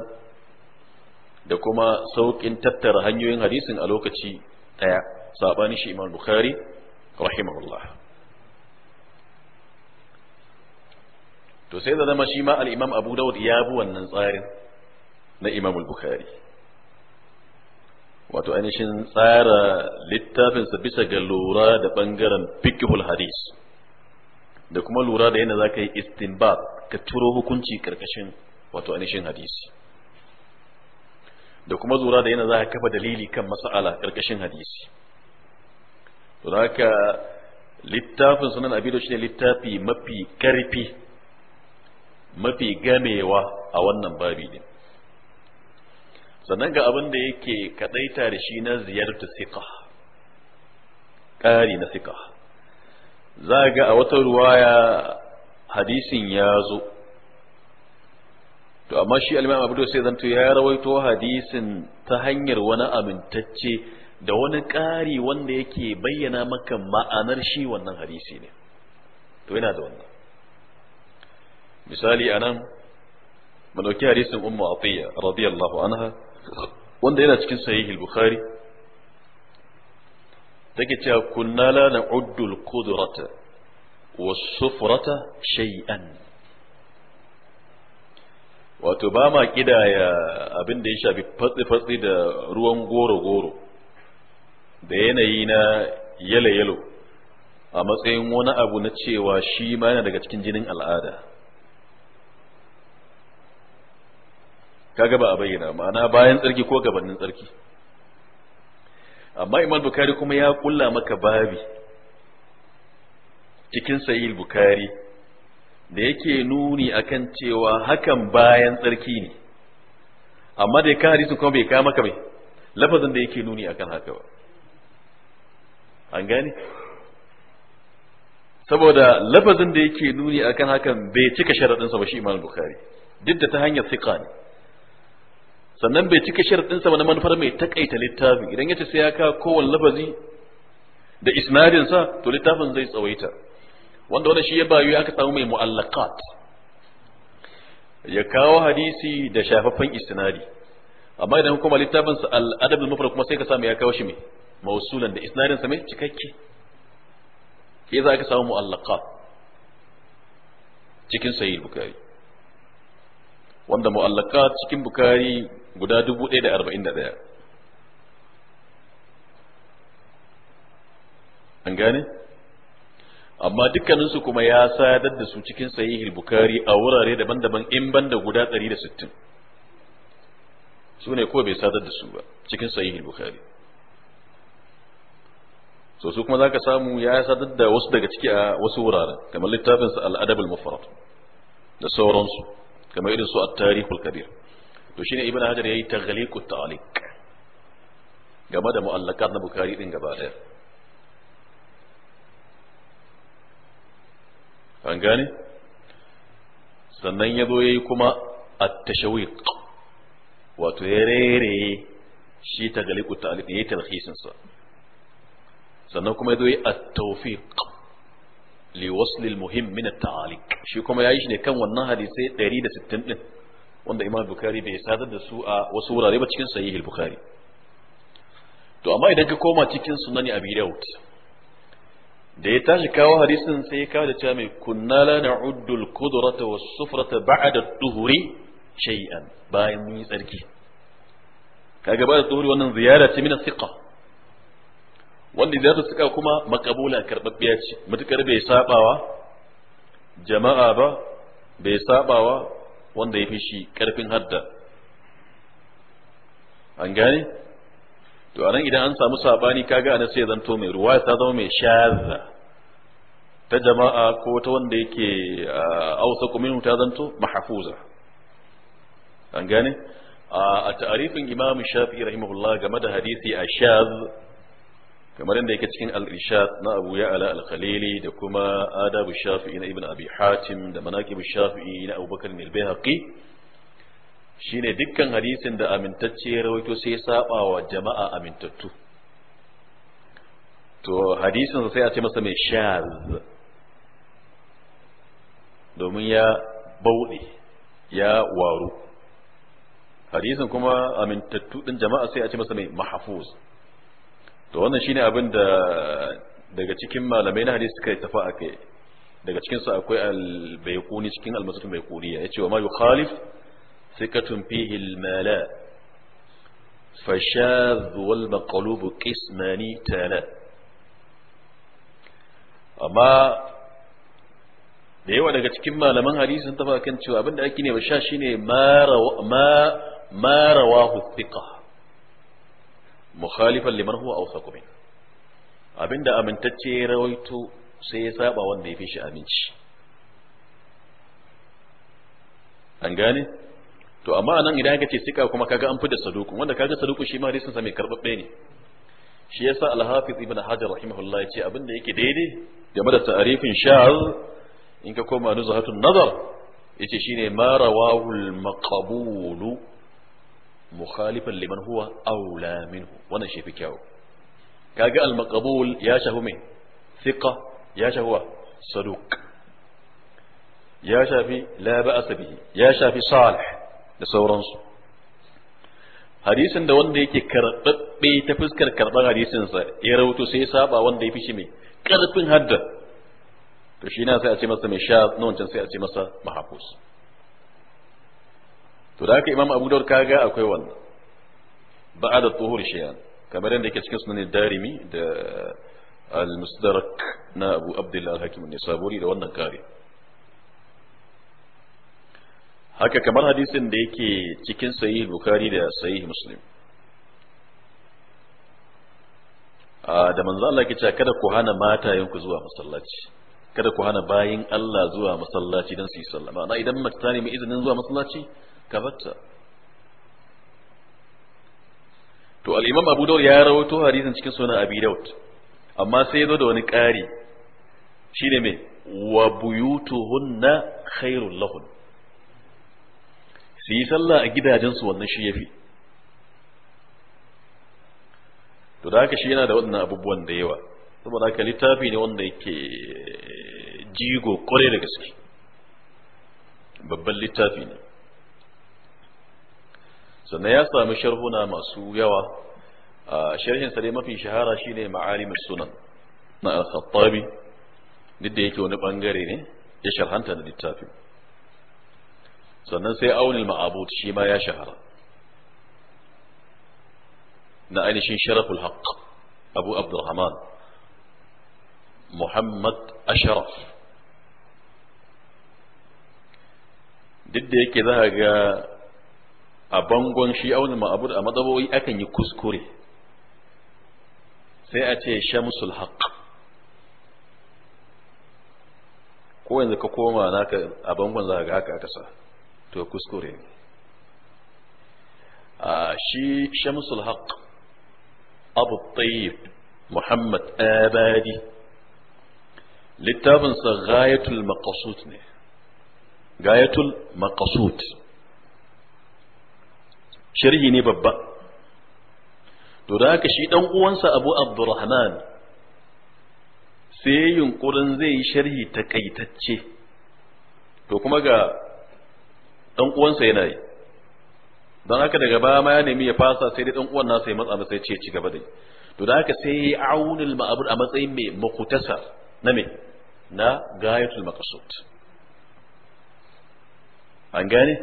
da kuma sauƙin tattara hanyoyin hadisin a lokaci ɗaya saɓanin shi imam bukhari rahimahullah to sai da zama shi ma al'imam abu dawud ya bi wannan tsarin na imam bukari. wato ainihin tsara littafinsa bisa ga lura da ɓangaren fikihul hadis da kuma lura da yadda za ka yi istinbar ka turo hukunci ƙarƙashin wato ainihin hadisi da kuma zura da yana za ka kafa dalili kan mas'ala ƙarƙashin hadisi to haka littafin sunan abido shine littafi mafi karfi mafi gamewa a wannan babi din sannan ga abin da yake kadaita da shi na ziyarta siqa ƙari na siqa za ga a wata ruwaya hadisin ya zo to amma shi al-imam abu sai zanto ya rawaito hadisin ta hanyar wani amintacce da wani ƙari wanda yake bayyana maka ma'anar shi wannan hadisi ne to yana da wannan misali anan mu dauki hadisin ummu atiya radiyallahu anha wanda yana cikin sahihul bukhari take cewa kunna la na'uddu al-qudrata was-sufrata shay'an wato ba ma kidaya abin da ya shafi fatsi-fatsi da ruwan goro-goro da yanayi na yalo-yalo a matsayin wani abu na cewa shi ma yana daga cikin jinin al'ada kaga ba a bayyana ma'ana bayan tsarki ko gabanin tsarki amma imam bukari kuma ya kulla maka babi cikin sayil bukari da yake nuni akan cewa hakan bayan tsarki ne amma da ya ka hadisin kuma bai kama maka mai lafazin da yake nuni akan haka ba an gane saboda lafazin da yake nuni akan hakan bai cika sharaɗinsa ba shi imam bukhari duk da ta hanyar siƙa ne sannan bai cika sharaɗinsa ba na manufar mai takaita littafi idan ya ce sai ya kawo kowane lafazi da isnadinsa to littafin zai tsawaita wanda wanda shi ya bayu aka samu mai mu'allaqat ya kawo hadisi da shafaffen istinadi amma idan kuma littafin sa al-adab al-mufrad kuma sai ka samu ya kawo shi mai mausulan da isnadin sa mai cikakke ke za ka samu mu'allaqat cikin sahih bukhari wanda mu'allaqat cikin bukhari guda 1041 an gane amma dukkaninsu kuma ya sadar da su cikin sahihul bukari a wurare daban-daban in banda guda 160 su ne ko bai sadar da su ba cikin sahihul bukari so su kuma za ka samu ya sadar da wasu daga ciki a wasu wurare kamar littafinsa al'adabul mufarad da sauransu kamar irin su at-tarihul kabir to shine ibn hajar yayi taghliqut ta'liq game da mu'allaqat na bukari din gaba daya an gane sannan ya zo ya yi kuma at-tashawiq wato ya rere shi ta galiku ta'alif ya yi talhisinsa sannan kuma ya zo ya yi at-tawfiq li wasl al shi kuma yayi shi ne kan wannan hadisi 160 din wanda Imam Bukhari bai sadar da su a wasu wurare ba cikin Sahih al to amma idan ka koma cikin Sunan Abi Dawud da ya tashi kawo hadisin sai ya kawo da cewa mai kunna la na'uddu al-qudrata was-sufrata ba'da ad-duhri shay'an bayan mun yi tsarki kaga ba da duhri wannan ziyara ce min as-siqa wanda ziyara siqa kuma makabula karbabbiya ce mutukar bai sabawa jama'a ba bai sabawa wanda ya fi shi karfin hadda an gane to anan idan an samu sabani kaga ana ya zanto mai ruwa ta zama mai shazza ta jama'a ko ta wanda yake ausa kuminu ta zanto mahfuza an gane a ta'arifin imam shafi'i rahimahullah game da hadisi a shaz kamar yadda yake cikin al-irshad na abu ya'ala al-khalili da kuma adabu shafi'i na ibn abi hatim da manaqib shafi'i na abubakar al-bayhaqi shine dukkan hadisin da amintacce ya rawaito sai ya saba wa jama'a amintattu to hadisin sai a ce masa mai shaz domin ya bauɗe ya waru hadisin kuma amintattu ɗin jama'a sai a ce masa mai mahafuz to wannan shine abin da daga cikin malamai na hadisi suka tafa a kai daga cikinsu akwai albaikuni cikin almasutun baikuniya ya ce wa ma Khalif? ثقة فيه المالاء فالشاذ والمقلوب قسمان تالا أما da yawa daga cikin malaman hadisi sun tafi kan cewa abinda ake ne sha shine ma rawahu thiqa mukhalifan liman huwa awsaqu min abinda amintacce ya rawaito sai ya saba wanda ya fi shi aminci an gane to amma anan idan aka ce sika kuma kaga an fida saduku wanda kaga saduku shi ma hadisin sa mai karbabbe ne shi yasa al-hafiz ibn hajar rahimahullah yace abin da yake daidai game da tarifin sha'ar in ka koma nuzhatun nazar yace shine ma rawahu al-maqbul mukhalifan liman huwa aula minhu wannan shi fi kyau kaga al-maqbul ya shahu me thiqa ya shahuwa saduq ya shafi la ba'sa bihi ya shafi salih da sauransu hadisin da wanda yake karɓaɓɓe ta fuskar karɓar hadisinsa ya rawato sai saba wanda ya fi shi mai ƙarfin hadda to shi na sai a ce masa mai sha na wancan sai a ce masa mahafus to da haka imam abu ka kaga akwai wannan ba'a da tsohuwar shiyan kamar yadda yake cikin sunan darimi da al-musdarak na abu abdullahi al-hakim ne saburi da wannan kare haka kamar hadisin da yake cikin sahih bukari da sahih muslim da manzo Allah ke cewa kada ku hana yanku zuwa masallaci kada ku hana bayin Allah zuwa masallaci don su yi sallah idan mace ta nemi izinin zuwa masallaci ka batta to al-imam Abu Dawud ya rawaito hadisin cikin sunan Abi Dawud amma sai yazo da wani ƙari shine me wa buyutuhunna khairul lahun su yi sallah a gidajensu wannan shi fi. to da haka shi yana da waɗannan abubuwan da yawa saboda haka littafi ne wanda yake jigo kwarai da gaske babban littafi ne sannan ya sami sharhuna masu yawa a sharhin sa dai mafi shahara shine ma'alim sunan na al-khattabi duk da yake wani bangare ne ya sharhanta da littafin sannan sai aunil ma'abud shi ma ya shahara na ainihin sharaful haqq abu abdurrahman muhammad asharaf duk da yake za ga a bangon shi aunil ma'abud a matsaboyi akan yi kuskure sai a ce shamsul haqq ko yanzu ka koma naka a bangon za ga haka aka sa to kuskure a shi shamsul haq abu tayyib muhammad abadi littafinsa gayatul maqasud ne gayatul maqasud sharhi ne babba to da haka shi dan uwansa abu abdurrahman sai yunkurin zai yi sharhi takaitacce to kuma ga dan uwansa yana yi don haka daga baya ma ya nemi ya fasa sai dai ɗan uwan nasa ya matsa masa ya ce ci gaba da yi to da haka sai yayi aunul ma'bud a matsayin mai makutasar na me na gayatul maqsud an gane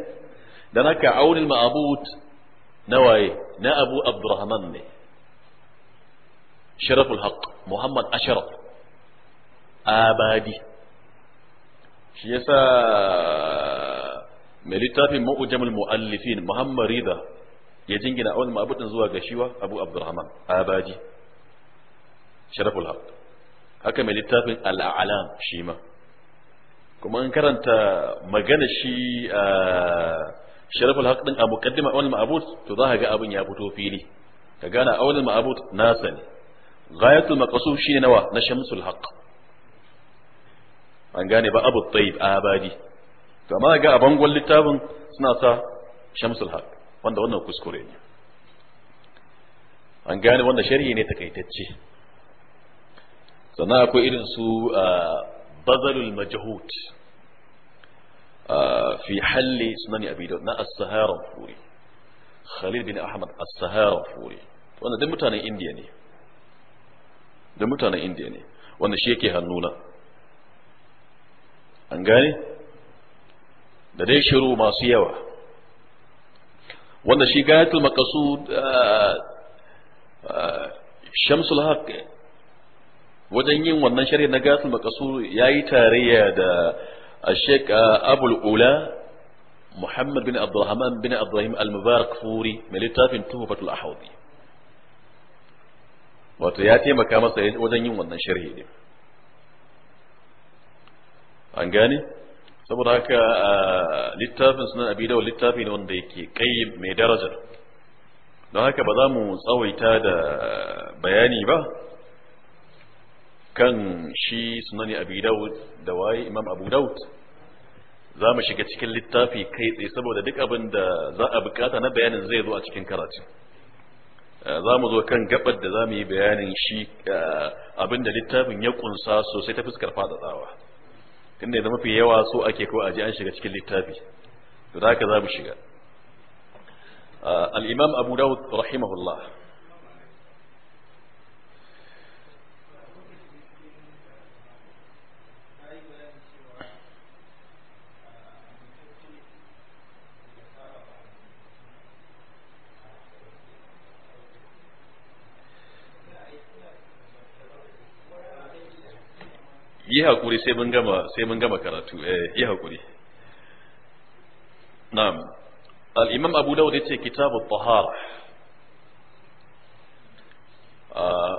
dan haka aunul ma'bud na waye na Abu Abdurrahman ne sharaful haqq Muhammad Ashraf abadi shi yasa mai littafin ma'ujamul mu'allifin muhammad rida ya jingina awal ma'abudin zuwa ga shiwa abu abdurrahman abaji sharaful haq haka mai littafin al'alam shi ma kuma in karanta magana shi a sharaful haq din a muqaddima awal ma'abud to za ga abin ya fito fili ka gana awal ma'abud nasa ne ghayatul maqsud shine nawa na shamsul haq an gane ba abu abadi to amma ga a bangon littafin suna sa shamsul haq wanda wannan kuskure ne an gane wanda sharhi ne takaitacce sannan akwai irin su bazalul majhut fi halli sunan abi na as-sahara furi khalil bin ahmad as-sahara furi wanda duk mutanen indiya ne duk mutanen indiya ne wanda shi yake hannuna an gane da dai shiru masu yawa wanda shi gayatul maqsud shamsul haq wajen yin wannan sharhi na gayatul maqsud yayi tarayya da الشيخ أبو الأولى محمد بن عبد الرحمن بن عبد الرحيم المبارك فوري من لتاف تهبة الأحوضي wato ya taimaka masa wajen yin wannan sharhi ne an gane saboda haka littafin sunan abi littafi ne wanda yake kai mai daraja don haka ba za mu tsawaita da bayani ba kan shi sunan abi dawud da waye imam abu dawud za mu shiga cikin littafi kai tsaye saboda duk abin da za a bukata na bayanin zai zo a cikin karatu za mu zo kan gabar da za mu yi bayanin shi abin da littafin ya kunsa sosai ta fuskar fadadawa tunda da mafi yawa so ake ko aje an shiga cikin littafi to da haka za mu shiga ah, al-imam abu dawud rahimahullah yi hakuri sai mun gama sai mun gama karatu eh yi hakuri na'am al-imam abu dawud yace kitabu tahara ah,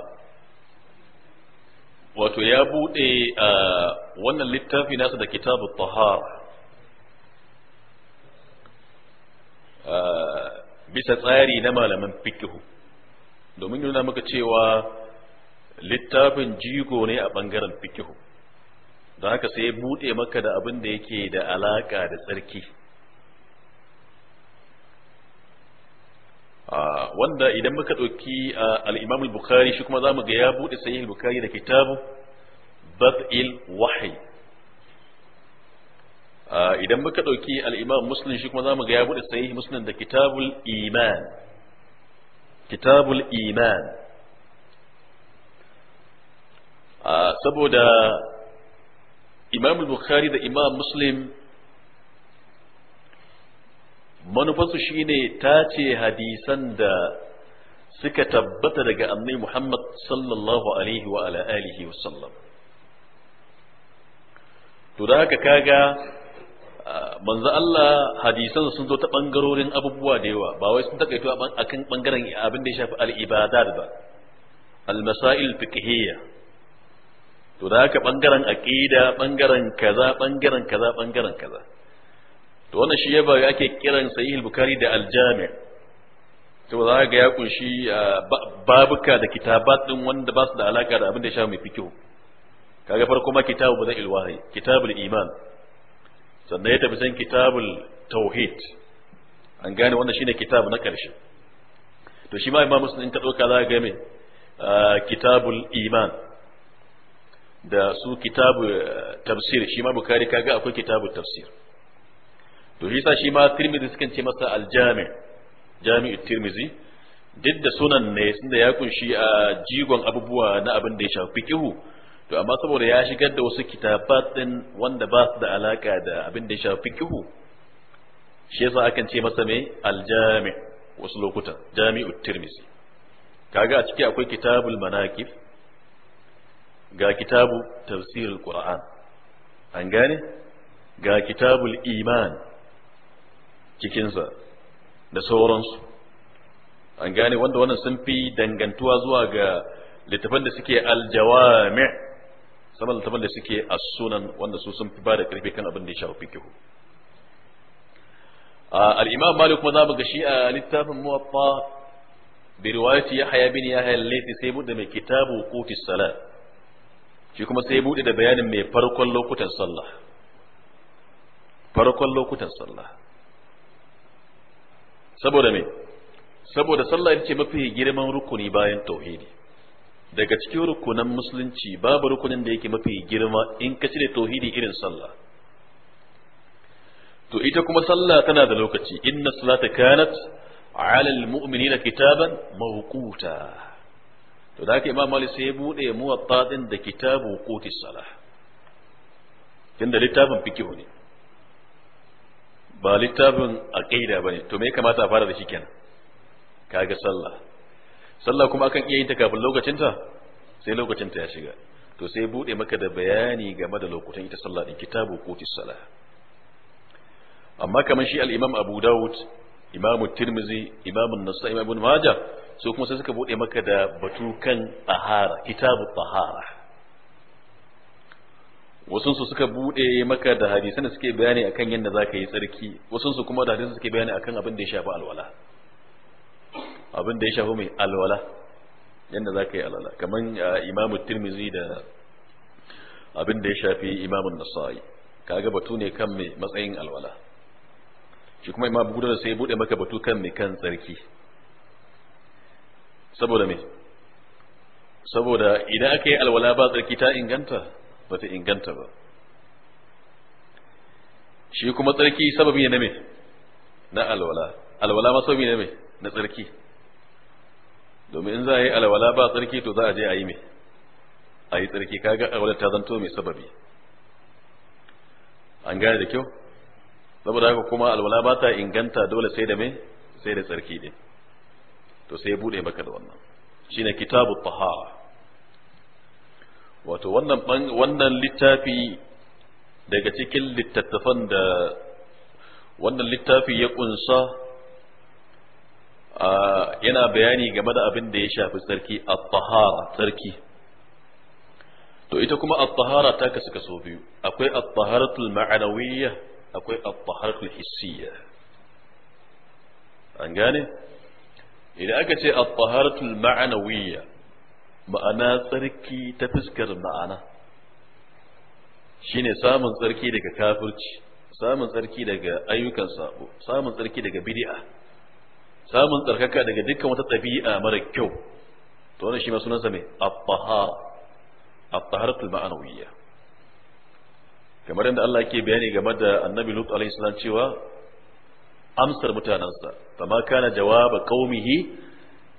wato ya bude ah, wannan littafi nasa da kitabu tahara ah, bisa tsari na malaman fikihu domin nuna maka cewa littafin jigo ne a bangaren fikihu da haka sai ya buɗe maka da abin da yake da alaka da tsarki ah, wanda idan muka ɗauki ah, al'imam bukhari shi kuma za mu ga ya buɗe sahih bukhari da kitabu bad'il wahi ah, idan muka ɗauki al'imam muslim shi kuma za mu ga ya buɗe sahih muslim da kitabul iman kitabul iman saboda imam bukhari da imam muslim manufarsu shine tace hadisan da suka tabbata daga annai muhammad sallallahu alaihi wa ala alihi wa sallam to da haka kaga manzo Allah hadisan sun zo ta bangarorin abubuwa da yawa ba wai sun takaito akan bangaren abin da ya shafi al-ibadat ba al-masail to da haka bangaren aqida bangaren kaza bangaren kaza bangaren kaza to wannan shi ya ba ake kiran sahih al-bukhari da al-jami' to za ga ya kunshi babuka da kitabat din wanda ba su da alaka da abin da ya shafi mai fikihu kaga farko ma kitabu bazan ilwahi kitabul iman sannan ya tafi san kitabul tauhid an gane wannan shine kitab na karshe to shi ma imam muslim in ka dauka za ga me kitabul iman da su kitabu eh, tafsir shi ma bukari kaga akwai kitabu tafsir to shi sa shi ma tirmizi sukan ce masa aljami jami'u tirmizi duk da sunan ne sun ya kunshi a jigon abubuwa na abin da ya shafi kihu to amma saboda ya shigar da wasu kitabat wanda ba su da alaka da abin da ya shafi kihu shi yasa akan ce masa me aljami wasu lokuta jami'u tirmizi kaga a ciki akwai kitabul manaqib ga kitabu tafsirul qur'an an gane ga kitabul iman cikinsa da sauransu an gane wanda wannan sun fi dangantuwa zuwa ga littafan da suke aljawami saboda littafan da suke as-sunan wanda su sun fi ba da karfi kan abin da ya shafi kihu al-imam malik kuma zamu ga shi a littafin muwatta bi riwayati yahya bin yahya al-laythi sai mu mai kitabu qutis salat shi kuma sai buɗe da bayanin mai farkon lokutan sallah farkon lokutan sallah saboda me saboda sallah ita ce mafi girman rukuni bayan tauhidi daga cikin rukunan musulunci babu rukunin da yake mafi girma in ka cire tauhidi irin sallah to ita kuma sallah tana da lokaci inna salata kanat ala almu'minina kitaban mawquta to da haka imam malik sai ya bude muwatta din da kitabu qutis salah tunda littafin fikihu ne ba littafin aqida bane to me ya kamata a fara da shi kenan kaga sallah sallah kuma akan iya yin ta kafin lokacin ta sai lokacin ta ya shiga to sai bude maka da bayani game da lokutan ita sallah din kitabu qutis salah amma kamar shi al-imam abu daud Imam tirmizi imamu nasa ibn majah su kuma sai suka bude maka da batu kan tahara kitabu tahara wasu su suka bude maka da hadisan da suke bayani akan yadda zaka yi tsarki wasu su kuma da hadisan suke bayani akan abin da ya shafi alwala abin da ya shafi mai alwala yadda zaka yi alwala kamar imamu tirmizi da abin da ya shafi imamun nasa'i kaga batu ne kan mai matsayin alwala shi kuma imam buda sai ya bude maka batu kan mai kan tsarki saboda me saboda idan aka yi alwala ba tsarki ta inganta ba ta inganta ba shi kuma tsarki sababi ne me na alwala alwala ma sababi ne me na tsarki domin in za a yi alwala ba tsarki to za a je a yi me a yi tsarki kaga alwala ta zanto mai sababi an gane da kyau saboda haka kuma alwala ba ta inganta dole sai da me sai da tsarki ne to sai ya bude maka da wannan shine kitabu tahara wato wannan wannan littafi daga cikin littattafan da wannan littafi ya kunsa yana bayani game da abin da ya shafi sarki at-tahara tsarki to ita kuma at-tahara ta kasu kaso biyu akwai at-taharatul ma'anawiyya akwai at-taharatul hissiyya an gane idan aka ce a taharatul ma'anawiyya ma'ana tsarki ta fuskar ma'ana shine samun tsarki daga kafirci samun tsarki daga ayyukan sabo samun tsarki daga bid'a samun tsarkaka daga dukkan wata ɗabi'a mara kyau to wannan shi ma sunansa ne at-tahara at-taharatul ma'anawiyya kamar yadda Allah yake bayani game da Annabi Lut alaihi salam cewa amsar mutanensa fama kana jawaba qaumihi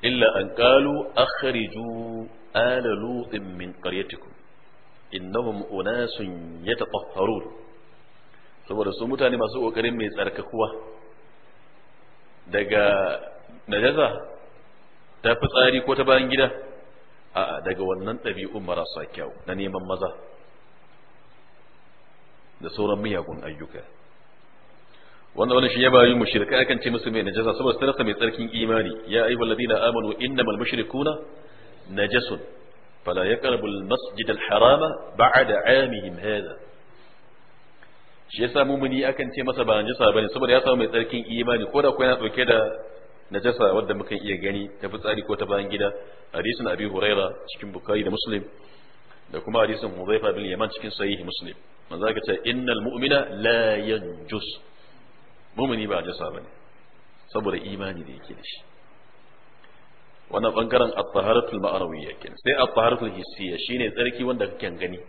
illa an qalu akhriju ala lutin min qaryatikum innahum unasun yatatahharun saboda su mutane masu kokarin mai tsarkakuwa daga najasa ta fitsari ko ta bayan gida a daga wannan ɗabi'un marasa kyau na neman maza da sauran miyagun ayyuka wanda wani shi ya bayu mushrikai akan ce musu mai najasa saboda su rasa mai tsarkin imani ya ayyuhal ladina amanu innamal mushrikuna najasun fala yaqrabu al masjid al harama ba'da 'amihim hadha shi yasa mumuni akan ce masa ba najasa bane saboda ya samu mai tsarkin imani ko da ko yana dauke da najasa wadda muka iya gani ta fitsari ko ta bayan gida hadisin abi huraira cikin bukhari da muslim da kuma hadisin hudhaifa bin yaman cikin sahih muslim manzo ka ce innal mu'mina la yanjus mumuni ba jasa ba ne saboda imani da yake da shi wannan bangaren at-taharatul ma'anawiyya kenan sai at-taharatul hissiyya shine tsarki wanda kake gani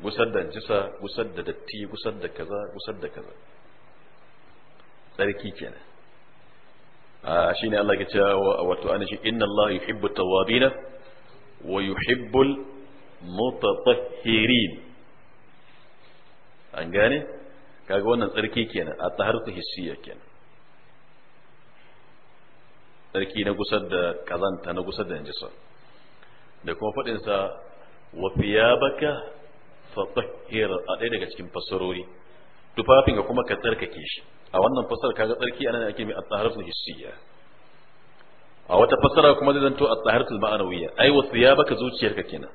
gusar da jisa gusar da datti gusar da kaza gusar da kaza tsarki kenan a ah, shine Allah ya ce wato an shi inna Allah yuhibbu tawabina wa yuhibbul mutatahhirin an gane kaga wannan tsarki kenan a tahartu hissiya kenan tsarki na gusar da kazanta na gusar da najisa da kuma faɗinsa wa baka fa tahhir a ɗaya daga cikin fassarori tufafin ka kuma ka tsarkake shi a wannan fassar kaga tsarki anan ake mai at-taharatu hissiyya a wata fasara kuma zai zanto at-taharatu al-ma'nawiyya ai ya baka zuciyarka kenan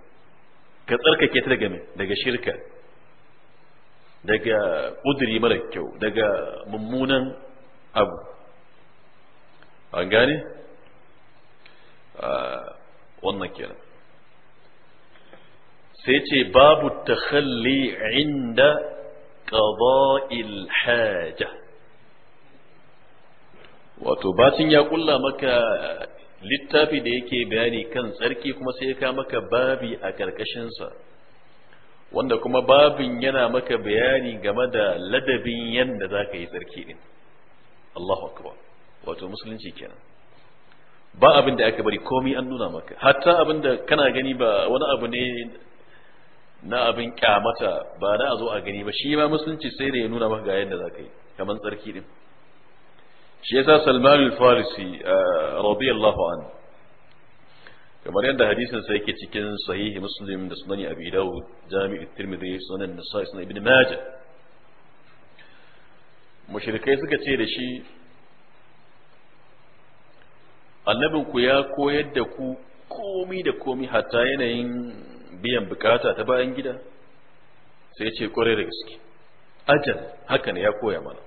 ka tsarkake ta daga me daga shirka daga ƙudiri mara kyau daga mummunan abu an gane ah, wannan kenan sai ce babu takhalli inda qada'il haja wato bacin ya kulla maka littafi da yake bayani kan tsarki kuma sai ya maka babi a ƙarƙashinsa wanda kuma babin yana maka bayani game da ladabin yadda za ka yi tsarki din Allahu akbar wato musulunci kenan ba abin da aka bari komai an nuna maka hatta abin da kana gani ba wani abu ne na abin kyamata ba na a zo a gani ba shi ma musulunci sai da ya nuna maka ga yadda za ka yi kamar tsarki din shi yasa Salman al-Farisi ah, radiyallahu anhu kamar yadda hadisin sa yake cikin sahihi muslim da sunan abi dawud jami'u tirmidhi sunan nasa'i sunan ibn majah mushrikai suka ce da shi annabin ku ya koyar da ku komi da komi hatta yanayin biyan bukata ta bayan gida sai ce kwarai da gaske ajal haka ne ya koya mana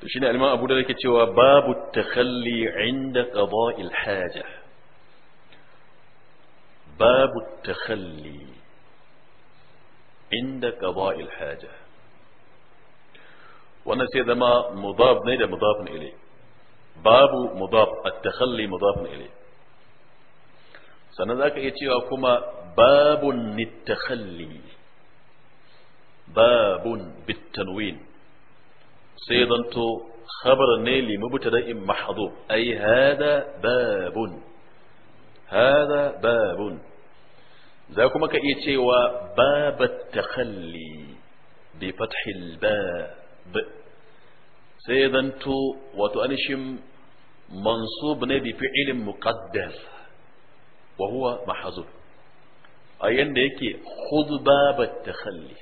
to shine al-imam abu da yake cewa babu takhalli inda qada'il haja babu takhalli inda qada'il haja wannan sai zama mudaf ne da mudaf ilay babu mudaf at-takhalli mudaf ilay sannan zaka iya cewa kuma babun nit-takhalli babun bit-tanwin sai zanto khabar ne li mubtada'in mahdhuf ai hada babun hada babun za kuma ka iya cewa babat takhalli bi fathil bab sai zanto wato anishin mansub ne bi fi'ilin muqaddar wa huwa mahzuf a yanda yake khudh babat takhalli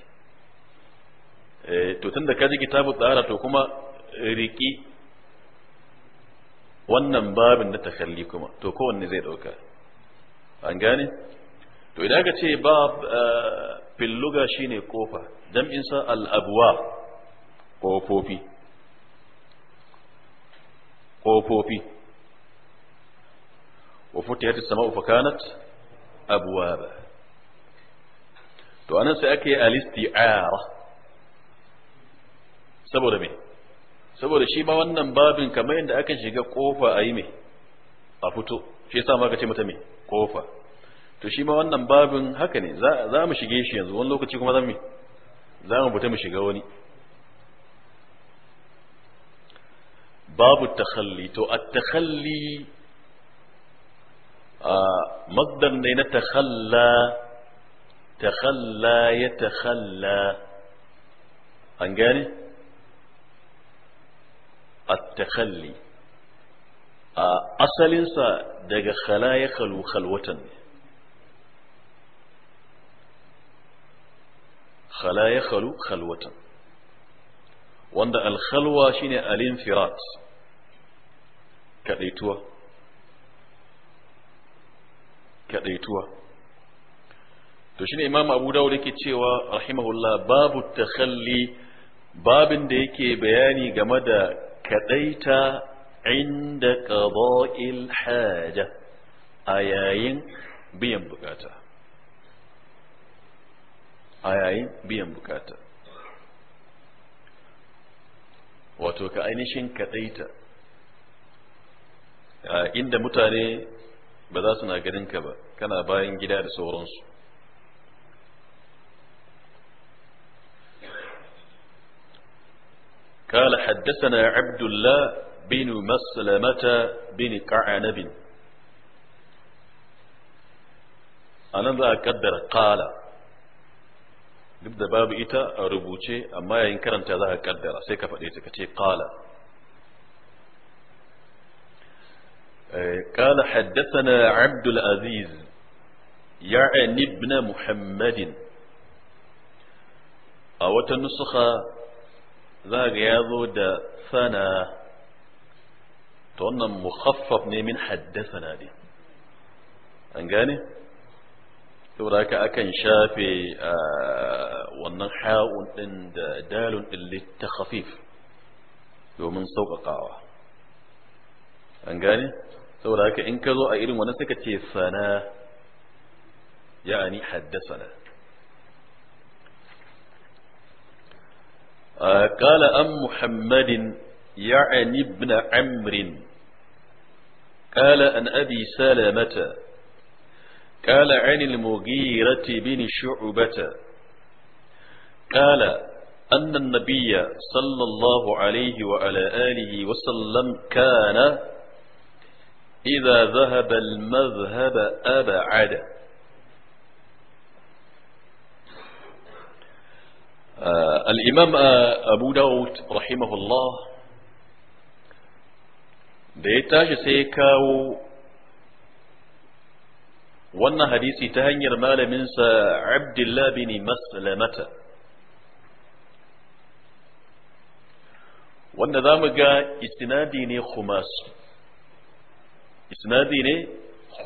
to tunda ka ji kitabu tsara to kuma riki wannan babin na takalli kuma to kowanne zai dauka an gane to idan ka ce bab filluga shine kofa jam'in sa al-abwa kofofi kofofi wa futiyat as-sama'u fa kanat abwaba to anan sai ake al-isti'ara saboda me saboda shi ma wannan babin kamar yadda aka shiga kofa a yi me a fito shi yasa ma ka ce mata me kofa to shi ma wannan babin haka ne za mu shige shi yanzu wani lokaci kuma zan me za mu fita mu shiga wani babu takhalli to at-takhalli مصدر ne na takhalla takhalla ya takhalla an gane at-takhalli a asalinsa daga khala ya khalu khalwatan ne ya khalu khalwatan wanda al-khalwa shine al-infirat kadaituwa kadaituwa to shine imam abu dawud yake cewa rahimahullah babu takhalli babin da yake bayani game da kadaita inda qada'il haja a biyan bukata biyan bukata wato ka ainihin kadaita inda mutane ba za su na ganin ka ba kana bayan gida da sauransu قال حدثنا عبد الله بن مسلمة بن كعنب أنا لا أقدر قال نبدأ باب babu ita أما ينكر أنت yayin karanta za ka kaddara sai قال حدثنا عبد العزيز يعني ابن محمد أو تنسخة ذاك يابو دفنا تونا مخفف من حدثنا دي انجاني توراك اكن شافي آه، ونن حاء ان دال اللي تخفيف يوم سوق قاوة انجاني توراك ان كذو ايرين ونسك تيسانا يعني حدثنا آه، قال أم محمد يعني ابن عمرو قال عن أبي سلمة قال عن المغيرة بن شعبة قال أن النبي صلى الله عليه وعلى آله وسلم كان إذا ذهب المذهب أبعد آه، الإمام آه، أبو داود رحمه الله ديتا جسيكاو وانا حديثي تهنير مال من عبد الله بن مسلمة وانا ذا مقا إسناديني خماسي استناديني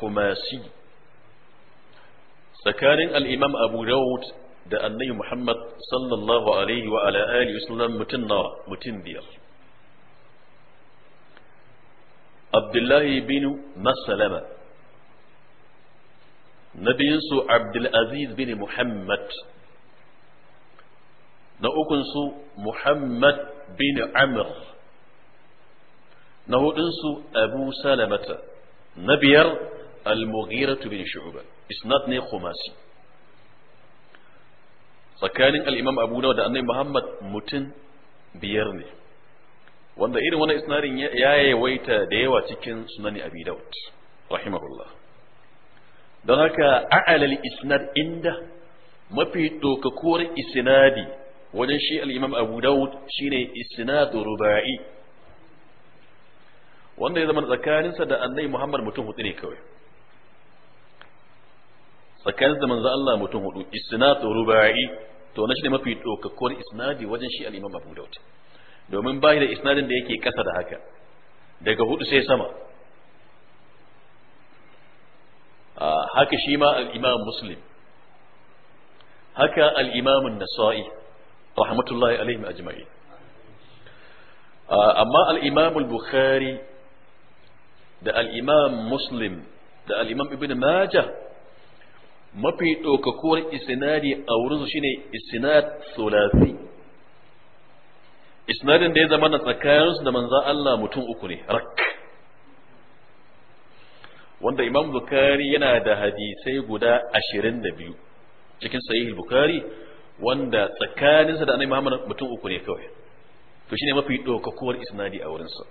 خماسي سكان الإمام أبو داود da annabi Muhammad sallallahu alaihi wa ala alihi wasallam mutun nawa mutun biyar Abdullahi bin su Abdul Aziz bin Muhammad na ukun su Muhammad bin Amr na hudun su Abu Salamata na biyar Al-Mughiratu bin Shu'ba isnad ne khumasi tsakanin al'imam abu nawa da annai muhammad mutum biyar ne wanda irin wani isnarin ya yawaita da yawa cikin sunani abi daud rahimahullah don haka a'alal isnad inda mafi dokakuwar isnadi wajen shi al'imam abu daud ne isnadu ruba'i wanda ya zama tsakaninsa da annai muhammad mutum hudu ne kawai Tsakanin da manzo Allah mutum hudu isnadu ruba'i to na shine mafi dokakkuwar isnadi wajen shi al abu daud domin bai da isnadin da yake kasa da haka daga hudu sai sama haka shi ma al-imam muslim haka al nasai rahmatullahi alaihim amma al bukhari da al muslim da al ibn majah mafi ɗaukakuwar isinadi a wurinsu shine isinad sulasi Isinadin da ya zama na tsakaninsu da manzan Allah mutum uku ne rak wanda imam bukari yana da hadisai guda ashirin da biyu cikin sahih bukari wanda tsakaninsa da annabi Muhammad mutum uku ne kawai to shine mafi ɗaukakuwar isnadi a wurinsa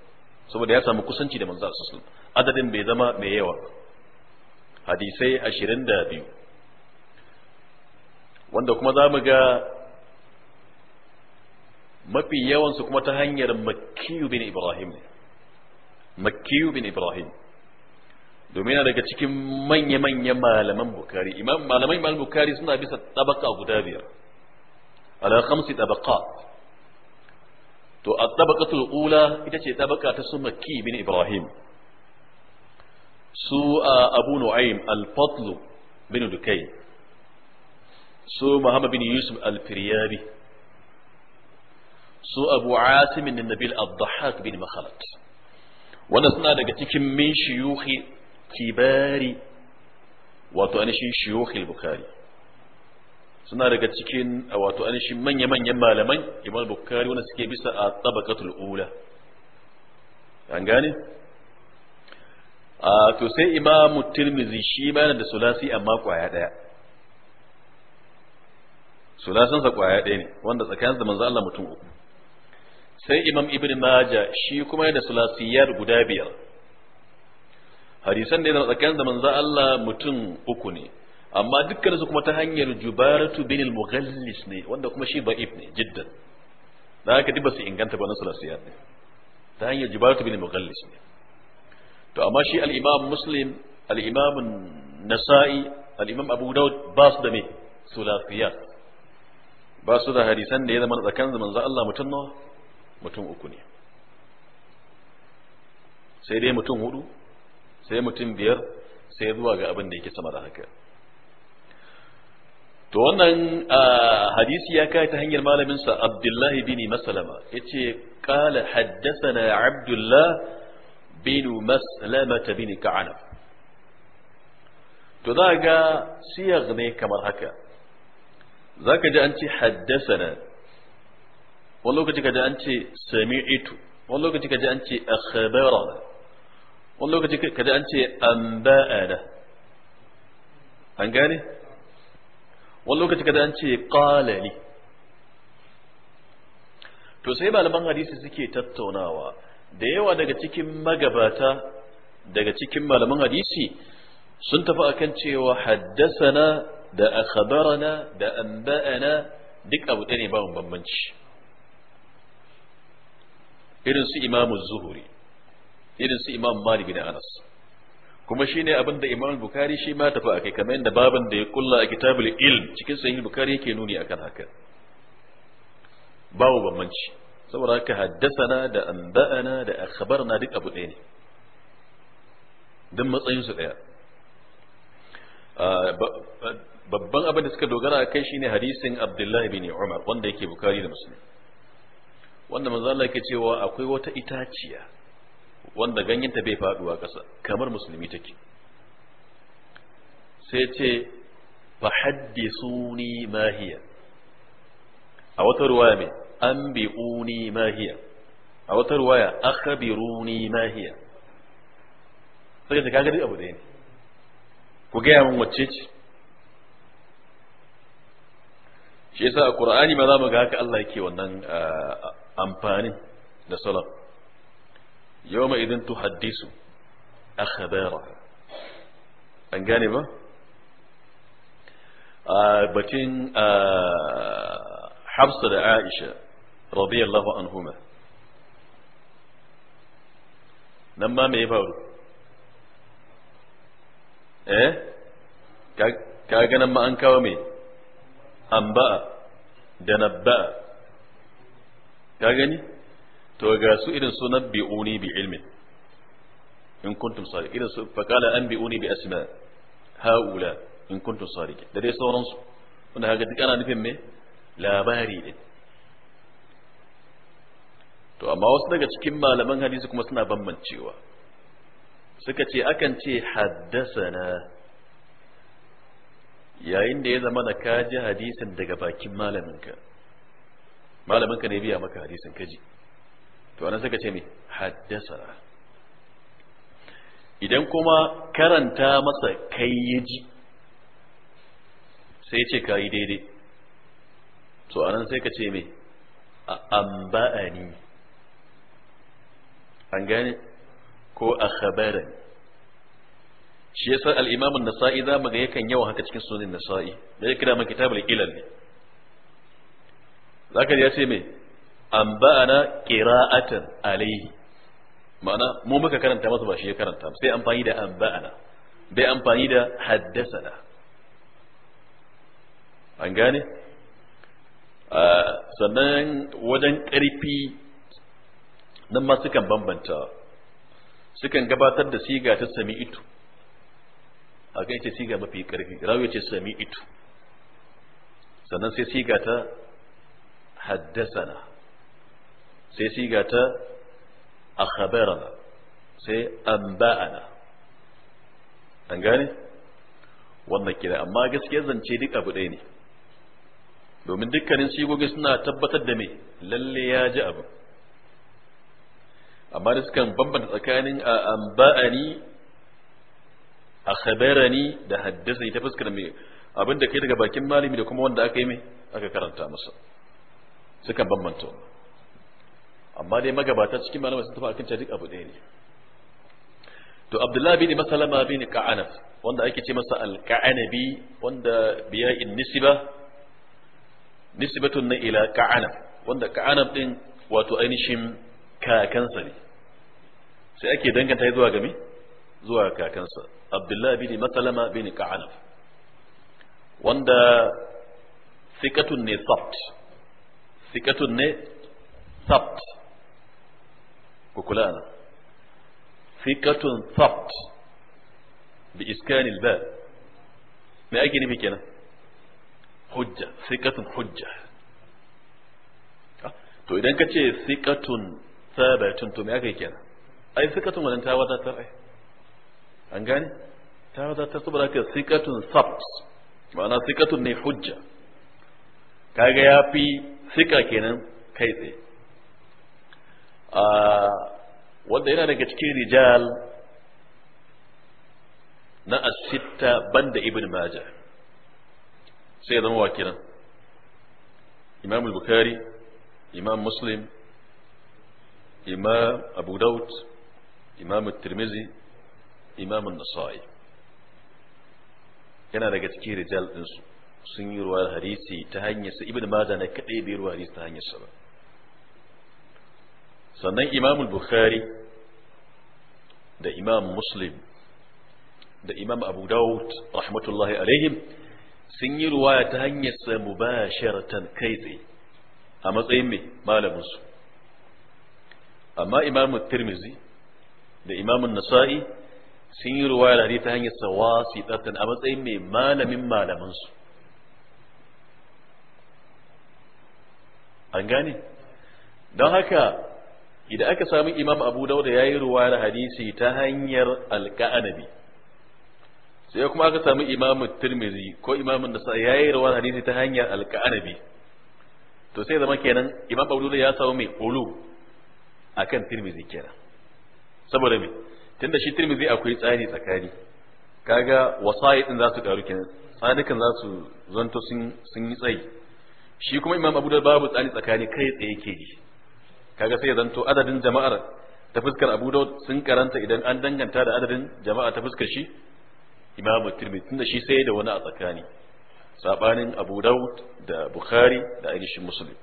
saboda ya samu kusanci da manzo sallallahu alaihi adadin bai zama mai yawa hadisai ashirin da biyu wanda kuma za mu ga mafi yawansu kuma ta hanyar makiyu bin ibrahim ne makiyu bin ibrahim domin yana daga cikin manya manya malaman bukari imam malamai malaman bukari suna bisa tabaka guda biyar ala khamsi tabaqat to a tabaqatul ula ita ce tabaka ta su makki bin ibrahim su a abu nu'aym al-fadl bin dukayn su Muhammad bin Yusuf al-Firyabi su Abu Asim bin Nabil al-Dhahhak bin Makhalat wannan suna daga cikin min shiyuhi kibari wato anishin shiyuhi al-Bukhari suna daga cikin wato anishin manya-manyan malaman Imam Bukhari wanda suke bisa a tabaqatul ula an gane to sai Imam Tirmidhi shi ma yana da sulasi amma kwaya daya sulasan sa kwaya ɗaya ne wanda tsakanin da manzo Allah mutum uku sai imam ibn majah shi kuma yana sulasiyar guda biyar hadisan ne da yana tsakanin da manzo Allah mutum uku ne amma dukkan su kuma ta hanyar jubaratu bin al-mughallis ne wanda kuma shi da'if ne jiddan da haka duk ba su inganta ba na sulasiyar ne ta hanyar jubaratu bin al-mughallis ne to amma shi al-imam muslim al-imam nasa'i al-imam abu daud ba su da me sulasiyar ba su da hadisan da ya zama tsakanin za Allah mutum nawa mutum uku ne sai dai mutum hudu sai mutum biyar sai zuwa ga abin da yake sama da haka to wannan hadisi ya kai ta hanyar malaminsa abdullahi bin maslama ya ce kala na abdullah bin maslama ta bin ka'anab to za ga siyar ne kamar haka za ka ji an ce haddasana wani lokaci ka ji an ce sami'itu wani lokaci ka ji an ce akhbarana wani lokaci ka ji an ce anba'ana an gane wani lokaci ka ji an ce qalali to sai malaman hadisi suke tattaunawa da yawa daga cikin magabata daga cikin malaman hadisi sun tafi akan cewa haddasana da akhbarana da anba'ana duk abu ɗaya ne ba bambanci irin su imamu zuhuri irin su imam malik bin anas kuma shine abin da imam bukari shi ma tafi akai kamar yadda babin da ya kulla a kitabul ilm cikin sahih bukari yake nuni akan haka babu bambanci saboda haka haddasana da anba'ana da akhbarna duk abu ɗaya ne duk matsayin su ɗaya ah, babban abin da suka dogara kai shine hadisin abdullahi bin umar wanda yake bukari da muslim wanda manzo Allah yake cewa akwai wata itaciya wanda ganyenta bai faduwa ƙasa kamar musulmi take sai ce fa haddisuni ma hiya a wata ruwaya mai an bi'uni ma hiya a wata ruwaya akhbiruni ma hiya sai ta kaga abu da ne ku ga mun wacce ce shi yasa a qur'ani ma za mu ga haka Allah yake wannan ah, amfanin da salat yawma idan tuhaddisu akhbara an gane ba a ah, batun ah, hafsa da aisha radiyallahu anhuma nan ma me ya faru eh ka ganin ma an kawo me? anba'a da nabba'a ka gani to ga su irin su nabbi'uni bi ilmin in kuntum sadiq irin su faqala anbi'uni bi asma haula in kuntum sadiq da dai sauransu wanda kaga duk ana nufin me labari din to amma wasu daga cikin malaman hadisi kuma suna bambancewa suka ce akan ce haddasa na. yayin da ya zama da ka ji hadisin daga bakin malaminka malaminka ne biya maka hadisin kaji to anan suka ce me haddasa idan kuma karanta masa kai ya ji sai ce ka yi daidai to anan sai ka ce me a amba'ani an gane ko a khabarani shi yasa al-imam an-nasa'i za mu ga yakan yawa haka cikin sunan nasa'i da ya kira man kitabul ilal ne zaka ya ce me an qira'atan alayhi ma'ana mu muka karanta masa ba shi ya karanta sai amfani da an bai amfani da haddasana an gane sannan wajen ƙarfi nan ma sukan bambanta sukan gabatar da siga ta sami'itu a kan yace siga mafi karfi rawi yace sami itu sannan sai siga ta haddasana sai siga ta akhbarana sai anba'ana an gane wannan kira amma gaskiya zance duk abu ɗaya ne domin dukkanin sigogi suna tabbatar da me lalle ya ji abu amma da sukan bambanta tsakanin a amba'ani akhbarani da haddasa ta fuskar mai abinda kai daga bakin malami da kuma wanda aka yi mai aka karanta masa sukan bambanta amma dai magabata cikin malamai sun tafi akan cewa duk abu ɗaya ne to abdullahi bin masalama bin ka'anaf wanda ake ce masa al-ka'anabi wanda biya in nisba nisbatun na ila ka'anaf wanda ka'anaf din wato ainihin kakansa ne sai ake danganta zuwa ga me zuwa kakansa abdullahi bin masalama bin ka'anaf wanda sikatun ne sabt sikatun ne sabt ku kula ana sikatun sabt bi iskanil ba mai ake nufi kenan hujja sikatun hujja to idan ka ce sikatun sabatun to mai ake kenan ai sikatun wannan ta wadatar ai an gane ta wadatar saboda haka sikatun sabt ma'ana sikatun ne hujja kaga ya fi sika kenan kai tsaye wanda yana daga cikin rijal na ashitta banda ibn majah sai zama wa imam bukhari imam muslim imam abu daud imam tirmizi imamun nasa'i yana daga cikin rijal ɗinsu sun yi ruwa hadisi ta hanyarsa ibn maja ne kaɗai bai ruwa hadisi ta hanyarsa ba sannan imamul bukhari da imam muslim da imam abu dawud rahmatullahi alaihim sun yi ruwaya ta hanyarsa mubasharatan kai tsaye a matsayin mai malaminsu amma imamu tirmizi da imamun nasa'i sun yi ruwa da ta hanyar su tsatan a matsayin mai malamin malamansu an gane don haka idan aka sami imam abu dauda ya yi ruwa da hadisi ta hanyar alka'anabi sai kuma aka sami imam Turmizi ko imam da sa ya yi da hadisi ta hanyar alka'anabi to sai zama kenan imam abu dauda ya samu mai ulu kan Turmizi kenan saboda me tunda shi tirmizi akwai tsari tsakani kaga wasa'i din za su karu kenan tsanikan za su zanto sun sun yi tsayi shi kuma imam abu da babu tsani tsakani kai tsaye ke shi kaga sai zanto adadin jama'ar ta fuskar abu da sun karanta idan an danganta da adadin jama'a ta fuskar shi imam tirmidhi tunda shi sai da wani a tsakani sabanin abu daud da bukhari da ainihin muslim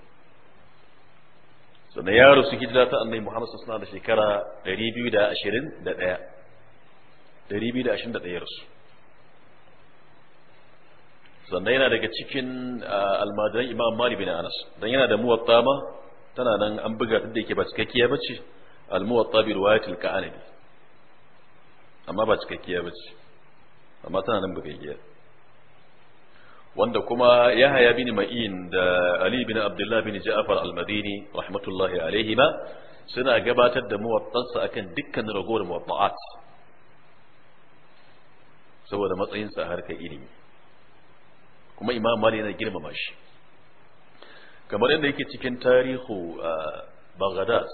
sannan yaro su hijira ta annabi Muhammad sallallahu alaihi shekara 221 221 rasu sannan yana daga cikin almajiran Imam Malik bin Anas dan yana da muwatta ma tana nan an buga duk da yake ba cikakkiya bace al-muwatta bi riwayatil Ka'anabi amma ba cikakkiya bace amma tana nan bugaggiya wanda kuma yahaya bin ma'in da ali bin abdullah bin ja'far al-madini rahmatullahi alayhi ma suna gabatar da muwattansa akan dukkan ragowar muwatta'at saboda matsayinsa a harkar ilimi kuma imam mali yana girmama shi kamar yadda yake cikin tarihu baghdad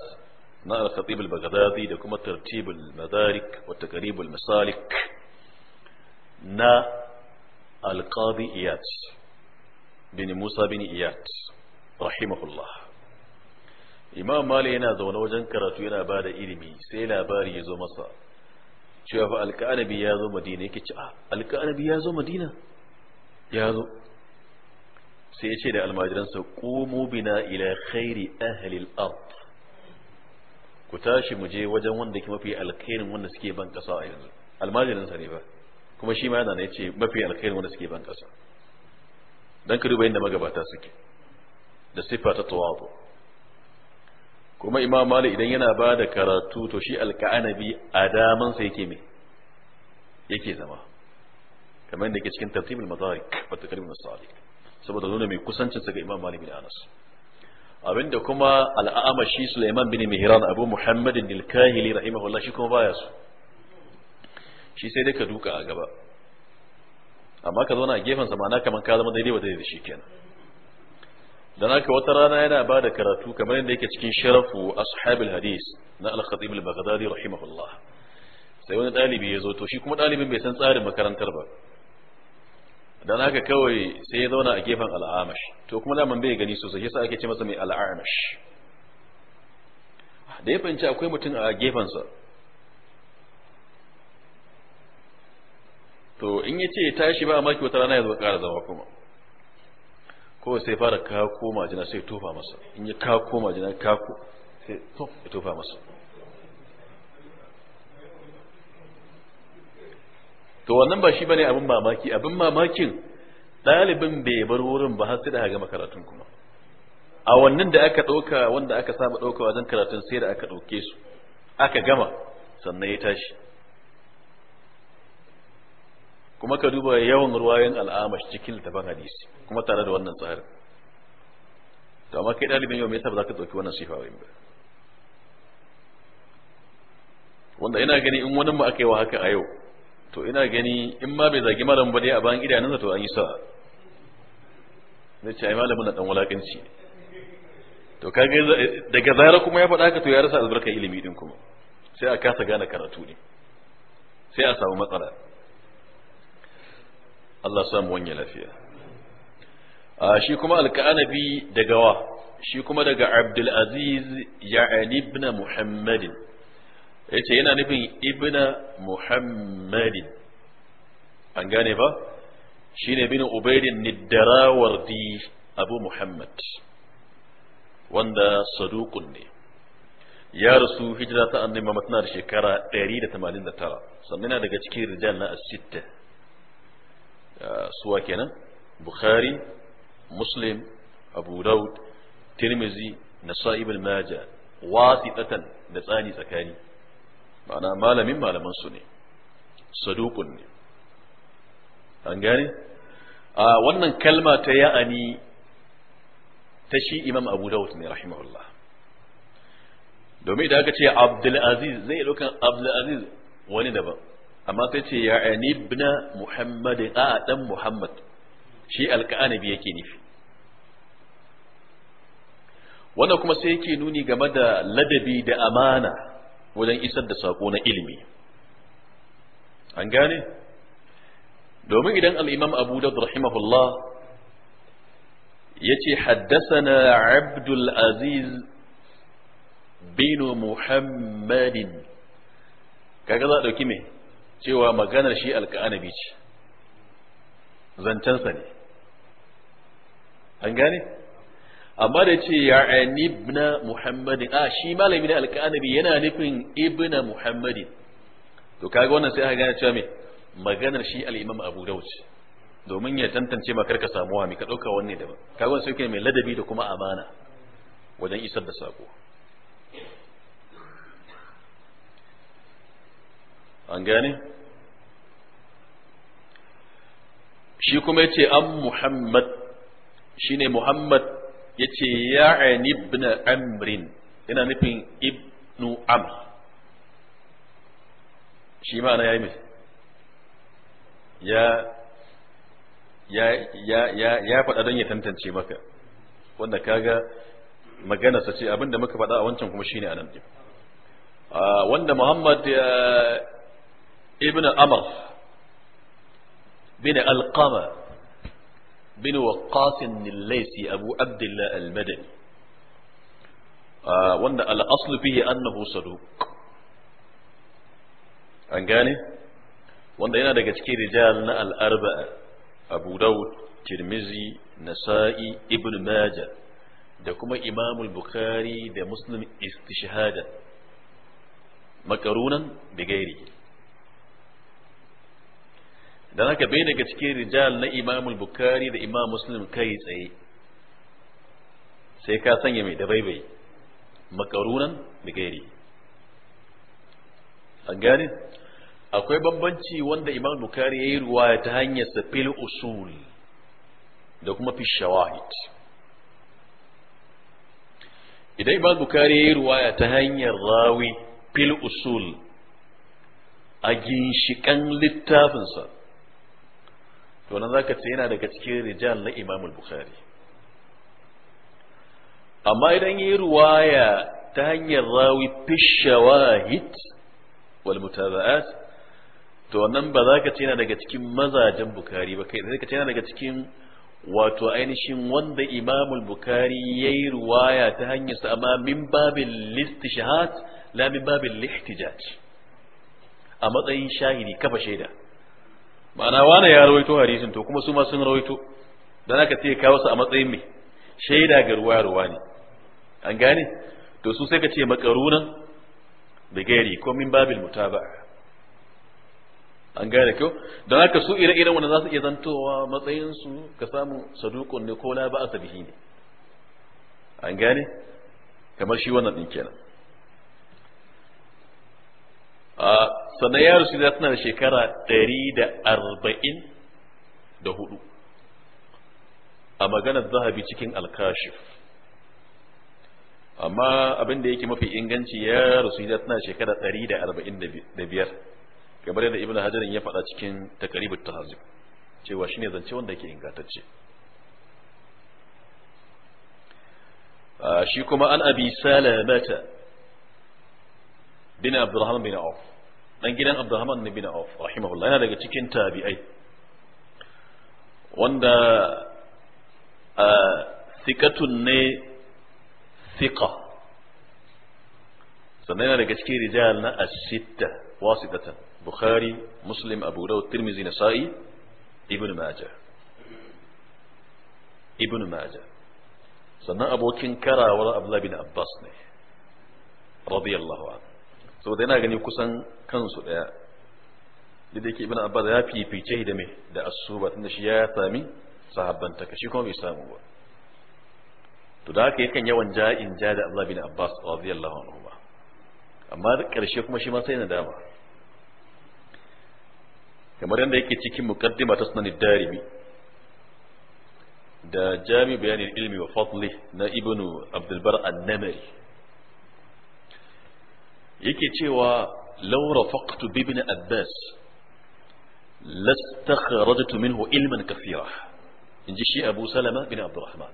na al-khatib al-baghdadi da kuma tartibul madarik wa taqribul masalik na alqadi iyat bin musa bin iyat rahimahullah imam mali yana zaune wajen karatu yana ba da ilimi sai labari ya zo masa cewa fa alkanabi ya zo madina yake ce a ah, alkanabi ya zo madina ya zo sai ya ce da almajiransa ƙomo bina ila khairi ahalil ard ku tashi mu je wajen wanda ke mafi alkhairin wanda suke ban ƙasa a yanzu almajiransa ne ba kuma shi ma yana ne ce mafi alkhairin wanda suke ban kasa dan ka duba inda magabata suke da siffa ta tawadu kuma imam mali idan yana ba da karatu to shi alka'anabi a damansa yake me yake zama kamar yadda yake cikin tartibul madarik wa taqribul masalik saboda nuna mai kusancin sa ga imam mali bin anas abinda kuma al'ama shi Sulaiman bin Mihran Abu Muhammadin al Rahima rahimahullah shi kuma baya su shi sai dai ka duka a gaba amma ka zauna a gefen samana kamar ka zama daidai wa daidai da shi kenan dan haka wata rana yana ba da karatu kamar yadda yake cikin sharafu ashabul hadis na al-khatib al-baghdadi rahimahullah sai wani dalibi ya zo to shi kuma dalibin bai san tsarin makarantar ba dan haka kawai sai ya zauna a gefen al'amash to kuma daman bai gani sosai yasa ake ce masa mai al'amash da ya fahimci akwai mutum a sa. to in ya ce tashi ba maki wata rana ya zo kara zama kuma ko sai fara kako majina sai tofa masa in ya kako majina kako sai tof ya tofa masa to wannan ba shi bane abin mamaki abin mamakin ɗalibin bai bar wurin ba har sai da gama karatun kuma a wannan da aka ɗauka wanda aka saba ɗauka wajen karatun sai da aka ɗauke su aka gama sannan ya tashi kuma ka duba yawan ruwayen al'amash cikin littafin hadisi kuma tare da wannan tsarin to amma kai ɗalibin yau me yasa ba za ka dauki wannan sifa ba wanda ina gani in wani mu aka yi wa haka a yau to ina gani in ma bai zagi malam ba dai a bayan idanunsa to an yi sa ne ce ai malamin na dan wulakanci to kage daga zara kuma ya faɗa ka to ya rasa albarkar ilimi din kuma sai a kasa gane karatu ne sai a samu matsala Allah samu wanya lafiya shi kuma alka'anabi daga wa shi kuma daga abdulaziz aziz ya'ani ibn muhammadin yace yana nufin ibn muhammadin an gane ba shine bin ubaidin niddarawardi abu muhammad wanda saduqun ne ya rasu hijira ta annabi Muhammad ɗari da shekara 189 sannan yana daga cikin rijal na as-sittah suwa kenan bukhari muslim abu daud tirmizi nasa'i maja wasitatan da tsani tsakani ma'ana malamin malaman su ne saduqun ne an gane a wannan kalma ta ya'ani ta shi imam abu daud ne rahimahullah domin idan aka ce abdulaziz zai ɗaukan abdulaziz wani daban amma sai ce ya ani ibn muhammad a dan muhammad shi alka'anabi yake nufi wannan kuma sai yake nuni game da ladabi da amana wajen isar da sako na ilimi an gane domin idan al-imam abu dawud rahimahullah yace haddathana abdul aziz bin muhammadin kaga za a dauki me cewa maganar shi alka'anabi ce zancensa ne an gane amma da ce ya na muhammadin a shi malami na alka'anabi yana nufin ibna muhammadin to kaga wannan sai aka gane cewa me maganar shi al-imam abu dawud domin ya tantance ma karka samuwa mai ka ɗauka wanne daban kaga wannan sai mai ladabi da kuma amana wajen isar da sako an gane shi kuma yace an muhammad shine muhammad yace aini ibn amrin yana nufin ibnu amr shi ma'ana yayi mai ya ya ya ya ya faɗa don ya tantance maka wanda kaga maganarsa ce abinda muka faɗa a wancan kuma shine anan din ah, wanda muhammad ابن أمر بن القمة بن وقاص الليسي أبو عبد الله المدني آه، وأن الأصل به أنه صدوق أن قاله وأن هنا تذكر رجالنا الأربعة أبو داود ترمزي نسائي ابن ماجة da إمام البخاري دا مسلم muslim istishhada makarunan dan haka bai daga cikin rijal na imam bukhari da imam muslim kai tsaye sai ka sanya mai dabaibai makarunan da gairi an gani akwai bambanci wanda imam bukhari ya yi ruwaya ta hanyar safil usul da kuma fi shawahid idan imam bukhari ya yi ruwaya ta hanyar rawi fil usul a ginshikan littafinsa to nan zaka ce yana daga cikin rijal na Imam al-Bukhari amma idan yi ruwaya ta hanyar rawi fi shawahid wal mutaba'at to nan ba za ka ce yana daga cikin mazajen Bukhari ba kai ka ce yana daga cikin wato ainihin wanda imamul bukari ya yi ruwaya ta hanyar sa amma min babin listishahat la min babin lihtijaj a matsayin shahidi kafa shaida ma'ana wane ya rawaito hadisin to kuma su ma sun rawaito dan aka ce kawo su a matsayin me shaida ga ruwa ne an gane to su sai ka ce makarunan da gairi ko min babil mutaba an gane kyau don haka su ire-iren wanda za su iya zantowa matsayin su ka samu sadukun ne ko la ba sabihi ne an gane kamar shi wannan din kenan sannan ya rasu tana da shekara ɗari da arba'in da hudu a maganar zahabi cikin alkashif amma abin da yake mafi inganci ya rasu tana da shekara ɗari da arba'in da biyar kamar yadda ibn hajarin ya faɗa cikin takaribut tahazib cewa shine zance wanda yake ingantacce shi kuma an abi salamata bin abdurrahman bin auf dan gidan Abdurrahman bin Auf rahimahullah yana daga cikin tabi'ai wanda a sikatun ne siqa sannan yana daga cikin rijal na ashitta wasitatan bukhari muslim abu dawud tirmizi nasa'i ibn majah ibn majah sannan abokin karawar abdullahi bin abbas ne radiyallahu anhu saboda yana gani kusan kansu ɗaya da yake ibn abbas ya fifice da mai da asuba tunda shi ya sami taka shi kuma bai samu ba to da haka yakan yawan ja'in ja da Allah bin Abbas radiyallahu anhu ba amma da ƙarshe kuma shi ma sai dama. kamar yadda yake cikin muqaddima ta sunan darimi da jami bayanin ilmi wa fadli na ibnu abdul bar an-namari yake cewa law rafaqtu bi abbas lastakhrajtu minhu ilman kathira inji shi abu salama bin abdurrahman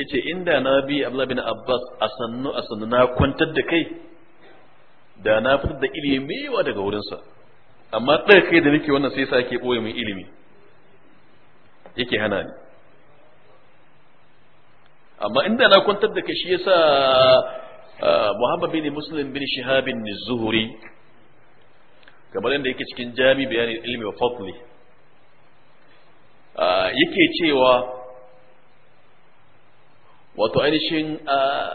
yace inda na bi abdullah bin abbas a sannu na kwantar da kai da na fitar da ilimi wa daga wurinsa amma ɗaya kai da nake wannan sai sa ake ɓoye min ilimi yake hana ni amma inda na kwantar da kai shi yasa Ah, muhammad bin muslim bin shihabin zuhuri kamar yadda yake cikin jami bayanin ilmi wa fadli ah, yake cewa wato ainihin ah,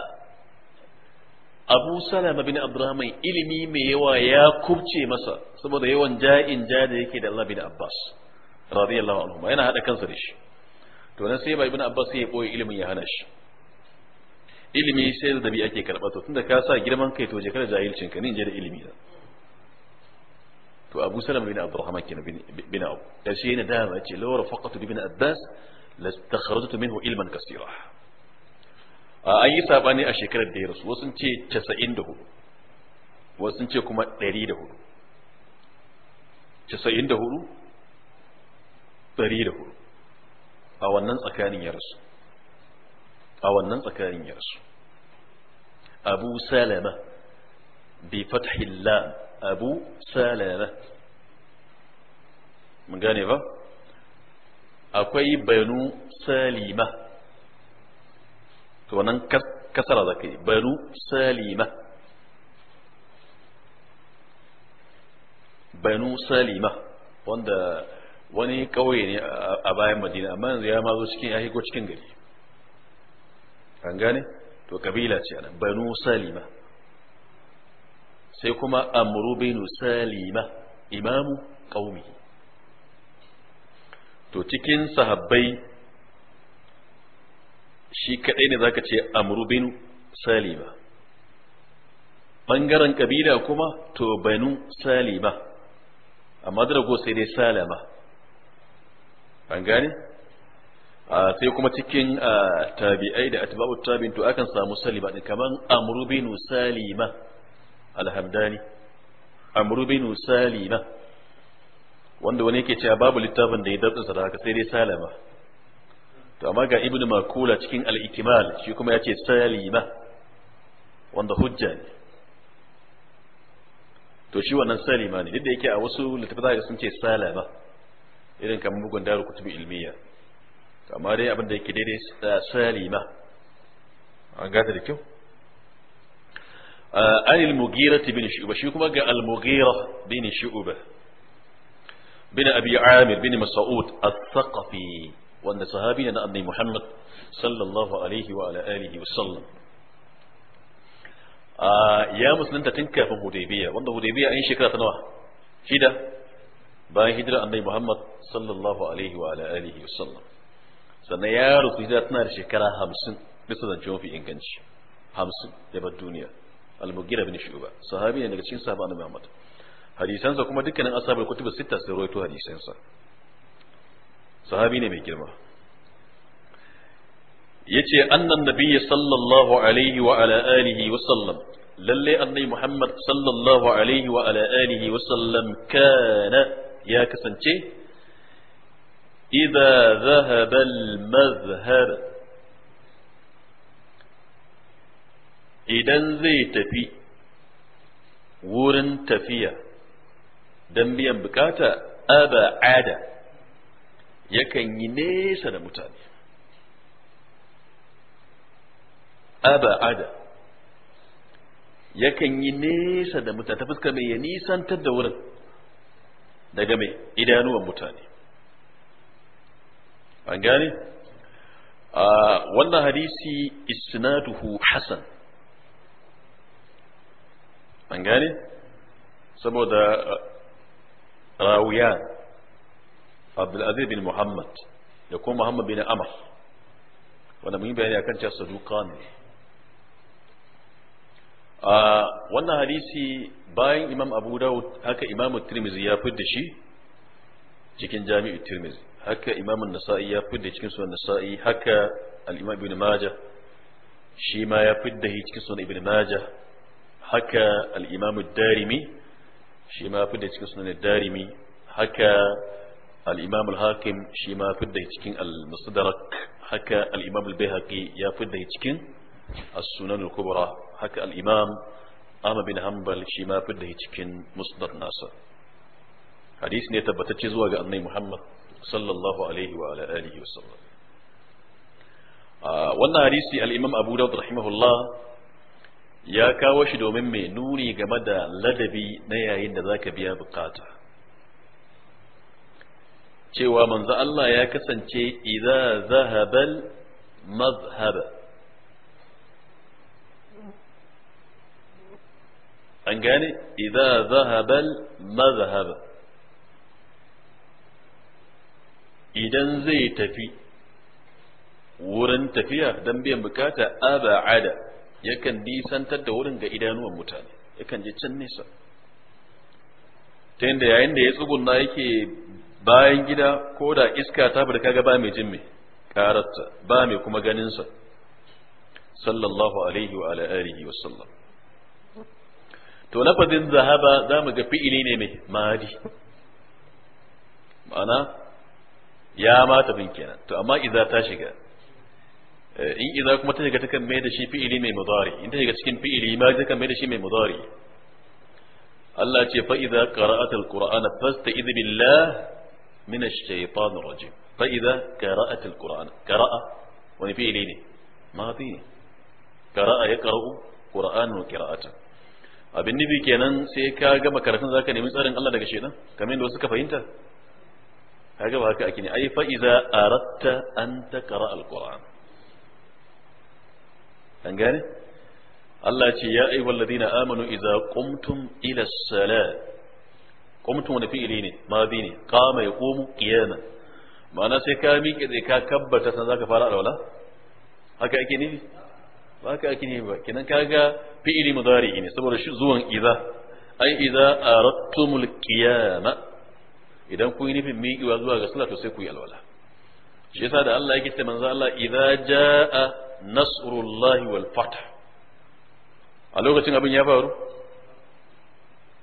abu salama bin abdurrahman ilimi mai yawa ya kubce masa saboda yawan ja'in ja da yake da Allah bin abbas radiyallahu anhu yana hada kansa da shi to nan sai ibn abbas sai ya boye ilimin ya hana shi ilimi sai da dabi ake karɓa to tunda ka sa girman kai to je kada jahilcin ka ni je da ilimi na to Abu Salam bin Abdurrahman kenan bin Abu da shi yana dama ce law rafaqatu bin Abbas lastakhrajtu minhu ilman kaseera a an yi sabani a shekarar da ya rasu wasu ce 94 wasu ce kuma 104 94 104 a wannan tsakanin ya rasu a wannan tsakanin ya rasu abu salama bi fathil abu salama mun gane ba akwai banu salima to nan kasara zaka yi banu salima banu salima wanda wani ƙauye ne a bayan madina amma yanzu ya mazo cikin ya shigo cikin gari an gane to kabila ce anan banu salima sai kuma amru binu salima imamu qaumi to cikin sahabbai shi kadai ne zaka ce amru binu salima bangaren kabila kuma to banu salima amma da go sai dai salama an gane Ah, sai kuma cikin ah, tabi'ai da atba'u tabi'in to akan samu salima din kaman amru bin salima alhamdani amru bin salima wanda wani yake cewa babu littafin da ya dabtsa da haka sai dai salama to amma ga ibnu makula cikin al-ikmal shi kuma yace salima wanda hujja ne to shi wannan salima ne duk da yake a wasu littafai sun ce salama irin kamar bugun daru kutubi ilmiya kamar dai abin da yake daidai salima an gata da kyau an al-mughira bin shu'ba shi kuma ga al-mughira bin shu'ba bin abi amir bin masa'ud al saqafi wanda sahabi ne na annabi muhammad sallallahu alaihi wa ala alihi wa sallam ya musulunta tun kafin hudaybiya wanda hudaybiya an shekara ta nawa shida bayan hijira annabi muhammad sallallahu alaihi wa ala alihi wa sallam sannan ya rasu hijira tana da shekara hamsin bisa zancen mafi inganci hamsin ya bar duniya al-mugira bin shuba sahabi ne daga cikin sahaba annabi Muhammad hadisansa kuma dukkanin ashabul kutubu sita sun rawaito hadisansa sahabi ne mai girma yace annan nabiyyi sallallahu alaihi wa ala alihi wa sallam lalle annabi Muhammad sallallahu alaihi wa ala alihi wa sallam kana ya kasance إذا ذهب المظهر idan zai tafi wurin tafiya don biyan bukata aba'ada yakan yi nesa da mutane aba'ada yakan yi nesa da mutane ta fuska mai ya nisantar da wurin daga mai idanuwan mutane an gane wannan hadisi isnaduhu hasan an gane saboda rawiyan abdulaziz bin muhammad da kuma muhammad bin amr wanda mun bayani akan cewa saduqa ne a wannan hadisi bayan imam abu dawud haka imam tirmizi ya fidda shi cikin jami'u tirmizi haka imam nasa'i ya fidda cikin sunan nasa'i haka al-imam ibn majah shi ma ya fidda cikin sunan ibn majah haka al-imam ad-darimi shi ma fidda cikin sunan ad-darimi haka al-imam al-hakim shi ma fidda cikin al-mustadrak haka al-imam al-baihaqi ya fidda cikin as-sunan al-kubra haka al-imam Ahmad bin Hanbal shi ma fidda cikin musnad nasa hadisi ne tabbatacce zuwa ga annabi Muhammad sallallahu alaihi wa ala alihi sallam. Ah, wannan hadisi al-imam abu dawud rahimahullah ya kawo shi domin mai nuni game da ladabi na yayin da zaka biya bukata cewa manzo Allah ya kasance idza zahabal mazhaba an gane idza zahabal mazhaba idan zai tafi wurin tafiya don biyan bukata aba'ada yakan nisantar da wurin ga idanuwan mutane yakan je can nesa ta yadda yayin da ya tsugunna yake bayan gida ko da iska ta fita kaga ba mai jin mai kararsa ba mai kuma ganinsa sallallahu alaihi wa alihi wa sallam to lafazin zahaba zamu ga fi'ili ne mai madi ma'ana ya ma tafin kenan to amma idza ta shiga eh, in idza kuma ta shiga ta kan mai da shi fi'ili mai mudari in ta shiga cikin fi'ili ma ta kan mai da shi mai mudari Allah ce fa idza qara'at al-qur'ana fasta'id billah min ash-shaytan ar-rajim fa idza qara'at al-qur'ana qara'a wani fi'ili ne madi ne qara'a yaqra'u qur'an wa qira'atan abin nufi kenan sai ka gama karatun zaka nemi tsarin Allah daga shedan kamar yadda wasu ka fahimta kaga ba haka ake ne ai fa idza aratta an taqra alquran an gane Allah ce ya ayyuhal ladina amanu idza qumtum ila as-salat qumtum wani fi'ili ne madi ne qama yaqumu qiyama ma'ana sai ka miƙe sai ka kabbata san zaka fara alwala haka ake ne ba haka ake ne ba kinan kaga fi'ili mudari ne saboda shi zuwan idza ai idza arattumul qiyama idan kun yi nufin miƙewa zuwa ga sallah to sai ku yi alwala shi yasa da Allah yake ce manzo Allah idza jaa nasrullahi wal fath a lokacin abin ya faru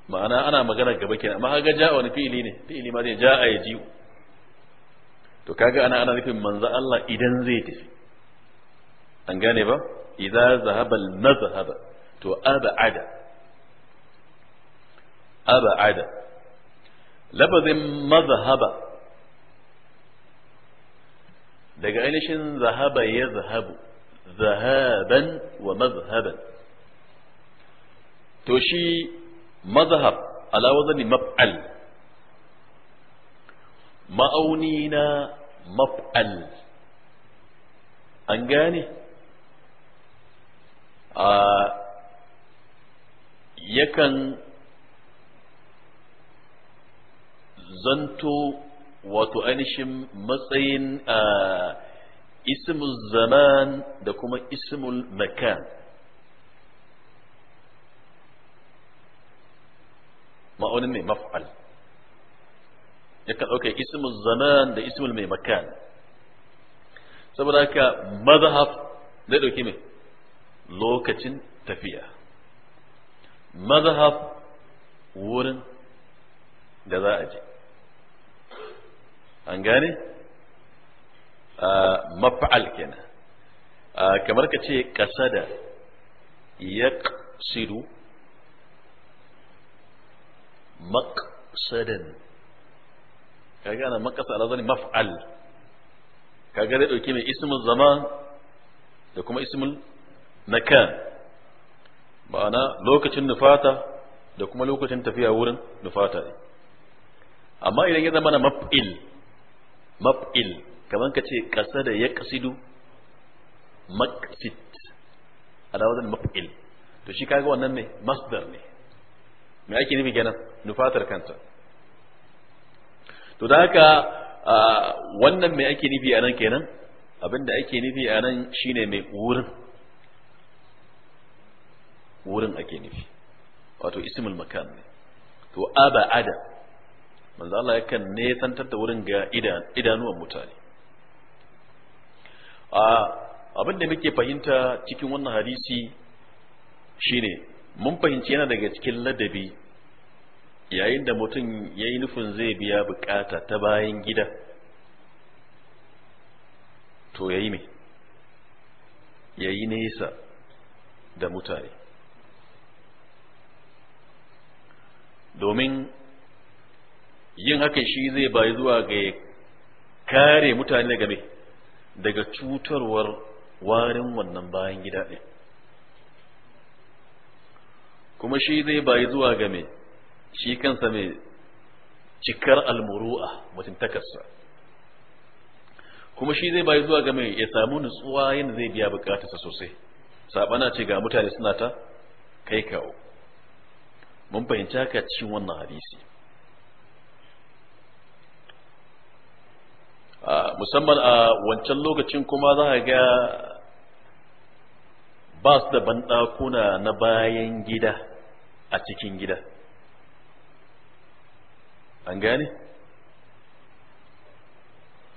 ma'ana ana magana gaba kenan amma kaga jaa wani fi'ili ne fi'ili ma zai jaa ya ji'u to kaga ana ana nufin manzo Allah idan zai tafi an gane ba idza zahabal al mazhaba to abada abada labazin mazhaba daga ainihin zahaba ya zahabu zahaban wa mazhaban to shi mazhab ala wazani maf'al ma'auni na maf'al an gane a yakan zanto wato ainihin matsayin a ismul zaman da kuma ismul makan ma'aunin mai maf'al yakan ɗauka ismul zaman da ismul mai makan saboda haka mazhab zai ɗauki mai lokacin tafiya mazhab wurin da za a je an gane ah, maf'al kenan ah, kamar ka ce kasada yaqsidu maqsadan kaga ana maqasa a zani maf'al kaga zai ɗauki mai ismul zaman da kuma ismul nakan ma'ana lokacin nufata da kuma lokacin tafiya wurin nufata ne amma idan ya zama na maf'il maf'il kamar ka ce kasa da ya kasidu maksit ala wajen maf'il to shi kaga wannan ne masdar ne me ake nufi kenan nufatar kanta to da haka wannan me ake nufi a nan kenan abinda ake nufi a nan shine mai wurin wurin ake nufi wato ismul makan ne to aba ada manzo Allah yakan nesantar da wurin ga idanuwan mutane a abin da muke fahimta cikin wannan hadisi shine mun fahimci yana daga cikin ladabi yayin da mutum ya yi nufin zai biya bukata ta bayan gida to ya yi mai ya yi nesa da mutane domin yin hakan shi zai bayi zuwa ga kare mutane daga me daga cutarwar warin wannan bayan gida ɗin kuma shi zai bayi zuwa ga me shi kansa mai cikar almuru'a takasa. kuma shi zai bayi zuwa ga mai ya samu nutsuwa yadda zai biya bukatarsa sosai sabana ce ga mutane suna ta kai kawo mun fahimci haka cikin wannan hadisi musamman a wancan lokacin kuma za a ga ba su da banɗakuna na bayan gida a cikin gida an gane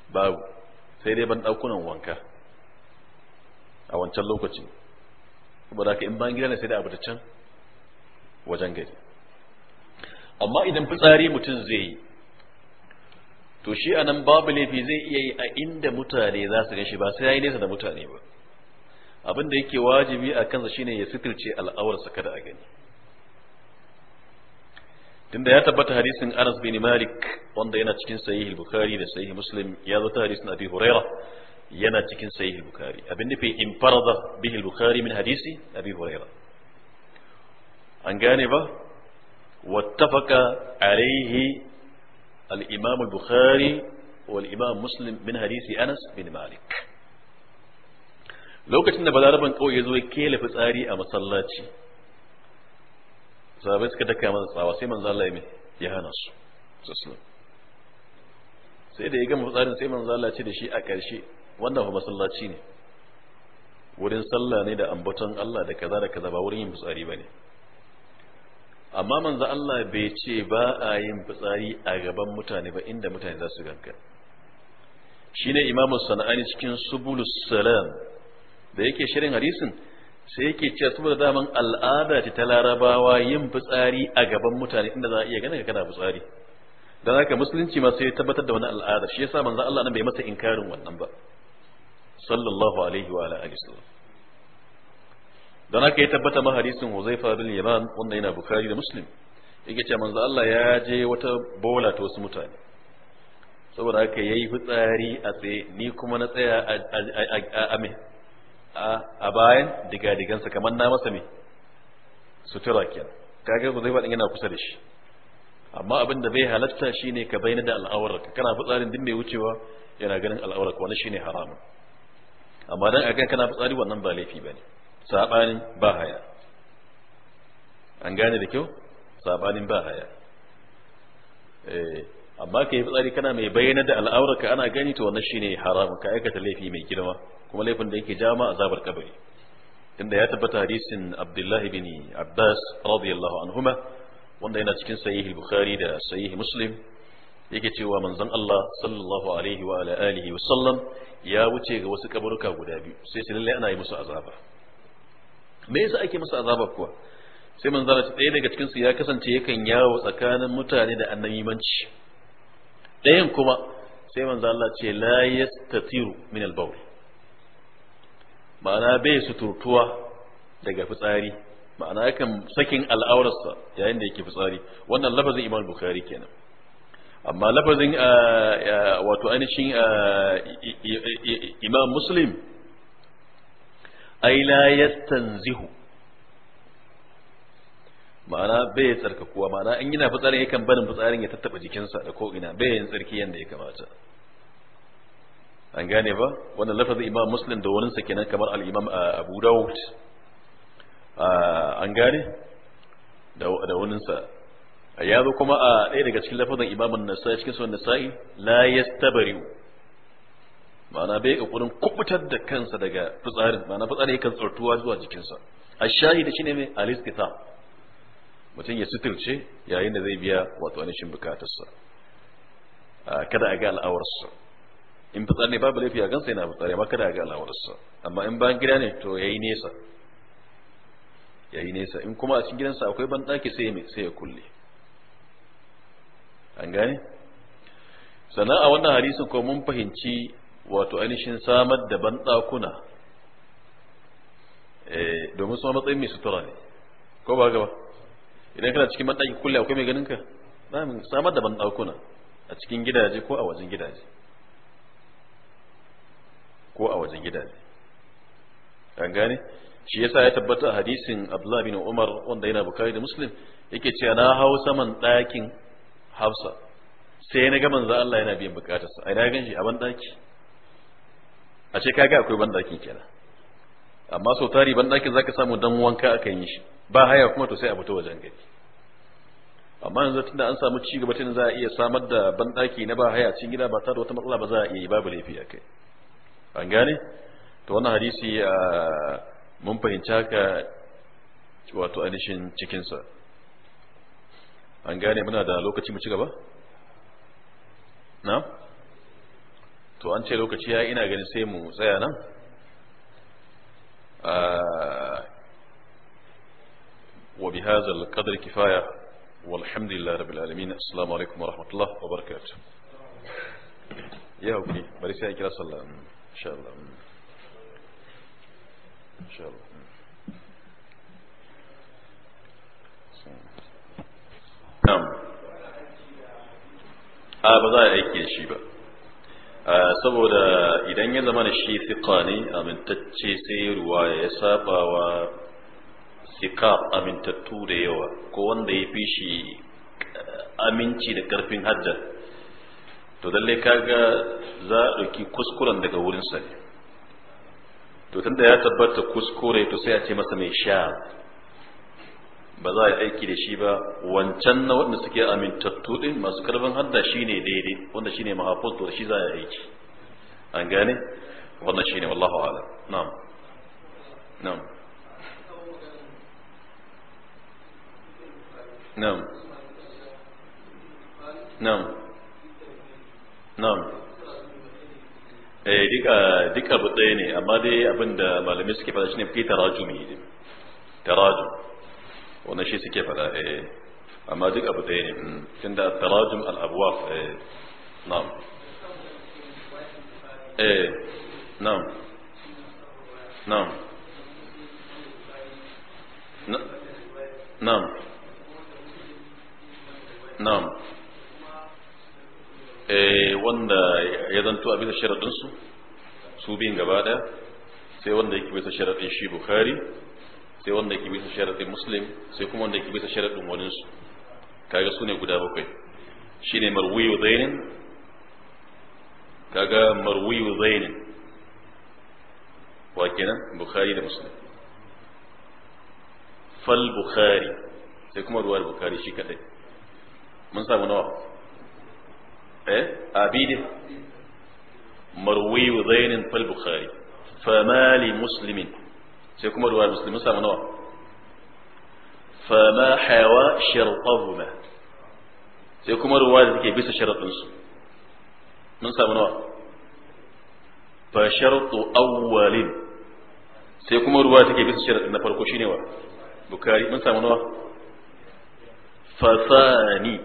Ba sai dai banɗakunan wanka a wancan lokacin kuma da in bayan gida ne sai da abu da can wajen gari amma idan fitsari mutum zai yi to shi nan babu laifi zai iya yi a inda mutane za su gashi ba sai ya yi nesa da mutane ba abin da yake wajibi a kansa shine ya sitirce al'awarsa kada a gani tunda ya tabbata hadisin Anas bin Malik wanda yana cikin sahih bukhari da sahih Muslim ya zo ta hadisin Abi Hurairah yana cikin sahih bukhari abin nufi in farada bihi bukhari min hadisi Abi Hurairah an gane ba wattafaka alaihi الإمام البخاري والإمام مسلم من حديث أنس بن مالك لو كتنا بلاربا قوي يزوي كيل فساري أما صلاتي sahabai suka daka masa tsawa sai manzo Allah ya mai sai da ya gama fitsarin sai manzo Allah da shi a ƙarshe wannan fa masallaci ne wurin sallah ne da ambaton Allah da kaza da kaza ba wurin yin fitsari bane amma manzo Allah bai ce ba a yin fitsari a gaban mutane ba inda mutane za su ganka shine imamu sana'ani cikin subulus salam da yake shirin hadisin sai yake ce saboda daman al'ada ta ta larabawa yin fitsari a gaban mutane inda za a iya ganin kana fitsari dan haka musulunci ma sai ya tabbatar da wani al'ada shi yasa manzo Allah nan bai masa inkarin wannan ba sallallahu alaihi wa alihi wasallam don haka ya tabbata ma hadisin Huzaifa bin Yaman wanda yana Bukhari da Muslim yake cewa manzo Allah ya je wata bola ta wasu mutane saboda haka yayi fitsari a tsaye ni kuma na tsaya a a bayan Diga-digansa kamar na masa me sutura kenan kaga Huzaifa din yana kusa da shi amma abin da bai halatta shine ka bayyana da al'aurarka kana fitsarin din mai wucewa yana ganin al'aurarka wannan shine haramun amma dan akan kana fitsari wannan ba laifi bane sabanin ba haya an gane da kyau sabanin ba haya eh, amma ka yi fitsari kana mai bayyana da al'auraka ana gani to wannan shine haramun ka aikata laifi mai girma kuma laifin da yake jama azabar kabari inda ya tabbata hadisin abdullahi bin abbas radiyallahu anhuma wanda yana cikin sahihi bukhari da sahihi muslim yake cewa manzon Allah sallallahu alaihi wa alihi wa sallam ya wuce ga wasu kaburuka guda biyu sai su lalle ana yi musu azaba me yasa ake musu azaba kuwa sai manzo Allah ɗaya daga cikin su ya kasance yakan yawo tsakanin mutane da annabimanci ɗayan kuma sai manzo Allah ce la yastatiru min al-bawl ma'ana bai suturtuwa daga fitsari ma'ana yakan sakin al'aurarsa yayin da yake fitsari wannan lafazin Imam Bukhari kenan amma lafazin ah, ah, wato ainihin ah, imam muslim ai la yastanzihu ma'ana bai kuwa ma'ana in yana fitsarin yakan barin fitsarin ya tattaba jikinsa da ko ina bai yin tsarki yanda ya kamata an gane ba wannan lafazin imam muslim da wurinsa kenan kamar al-imam ah, abu dawud ah, an gane da wurinsa ya zo kuma a ah, ɗaya daga cikin lafazin imam an-nasa'i cikin sunan nasa'i la yastabari'u ma'ana bai kurin kubutar da kansa daga fitsarin ma'ana fitsarin yakan tsartuwa zuwa jikinsa ashahi da shi ne mai alistita mutum ya suturce yayin da zai biya wato shin bukatarsa kada a ga al'awarsa in fitsari ne babu laifi a gansa yana fitsari amma kada a ga al'awarsa amma in bayan gida ne to ya yi nesa ya yi nesa in kuma a cikin gidansa akwai ban daki sai ya sai ya kulle an gane sannan a wannan hadisin ko mun fahimci wato ainihin samar da banɗakuna eh, domin su matsayin mai sutura ne ko ba gaba idan kana cikin banɗaki kulle akwai mai ganin ka samar da banɗakuna a cikin gidaje ko a wajen gidaje ko a wajen gidaje an gane shi yasa ya tabbata a hadisin Abdullahi bin Umar wanda yana bukari da Muslim yake cewa na hau saman ɗakin Hafsa sai na ga manzo Allah yana biyan bukatarsa ina na ganshi a ban ɗaki a ce kaga akwai banɗakin kenan amma sau tari banɗakin zaka samu dan wanka akan yi shi ba haya kuma to sai a fito wajen gari amma yanzu tunda an samu ci gaba tun za a iya samar da banɗaki na ba haya cikin gida ba ta da wata matsala ba za a iya yi babu laifi a kai an gane to wannan hadisi mun fahimci haka wato ainihin cikinsa an gane muna da lokaci mu ci gaba Na'am. to an ce lokaci ya ina gani sai mu tsaya nan wa bi hadha al-qadr kifaya walhamdulillahi rabbil alamin assalamu alaikum wa rahmatullahi wa barakatuh ya ubi bari sai kira sallah insha Allah insha Allah Na'am. A ba za a aike shi ba. Ah, saboda idan ya zama da shi siƙa ne amintacce sai ruwa ya saba wa siƙa amintattu da yawa ko wanda ya fi shi eh, aminci da ƙarfin hajjar to dalle kaga za a ɗauki kuskuren daga wurinsa ne to tunda ya tabbata kuskure to sai a ce masa mai sha ba za a yi aiki da shi ba wancan na waɗanda suke amintattu din masu karfin hadda shi ne daidai wanda shi ne mahafuz to shi za a yi aiki an gane wannan shi ne wallahu alam na'am na'am na'am na'am na'am eh duka duka bu ɗaya ne amma dai abinda malamai suke faɗa shine fi tarajumi tarajumi wannan shi suke faɗa eh amma duk abu ɗaya ne hmm. tunda da al-abwaf eh na'am eh na'am na'am na'am na'am eh wanda ya zanto a bisa sharadin su su biyun gaba ɗaya sai wanda yake bisa sharadin shi bukhari sai wanda ke bisa sharaɗin muslim sai kuma wanda ke bisa sharaɗin waninsu kaga su ne guda bakwai shine marwiyu zainin kaga marwiyu zainin wa kenan bukhari da muslim fal bukhari sai kuma ruwar bukhari shi kadai mun samu nawa eh abidin marwiyu zainin fal bukhari fama li muslimin sai kuma ruwa musulmi samu nawa fama hawa sharqahuma sai kuma ruwa da take bisa sharadin su mun samu nawa fa shartu awwalin sai kuma ruwa take bisa sharadin na farko shine wa bukari mun samu nawa fasani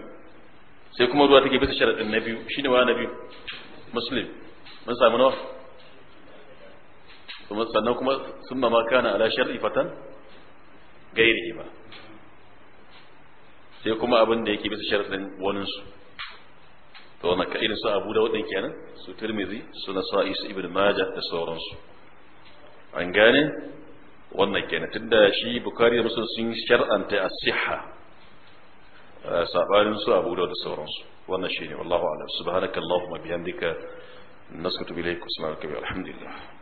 sai kuma ruwa take bisa sharadin na biyu shine wa na biyu muslim mun samu nawa kuma sannan kuma sun ma kana ala shar'i fatan gairi ba sai kuma abin da yake bisa sharadin wanin su to wannan ka irin su Abu Dawud din kenan su Tirmidhi su Nasa'i su Ibn Majah da sauransu an gane wannan kenan tunda shi bukari da Muslim sun shar'anta as-sihha eh, sabarin su Abu da sauransu wannan shine wallahu a'lam subhanakallahumma bihamdika نسكت إليك وسمعك الحمد لله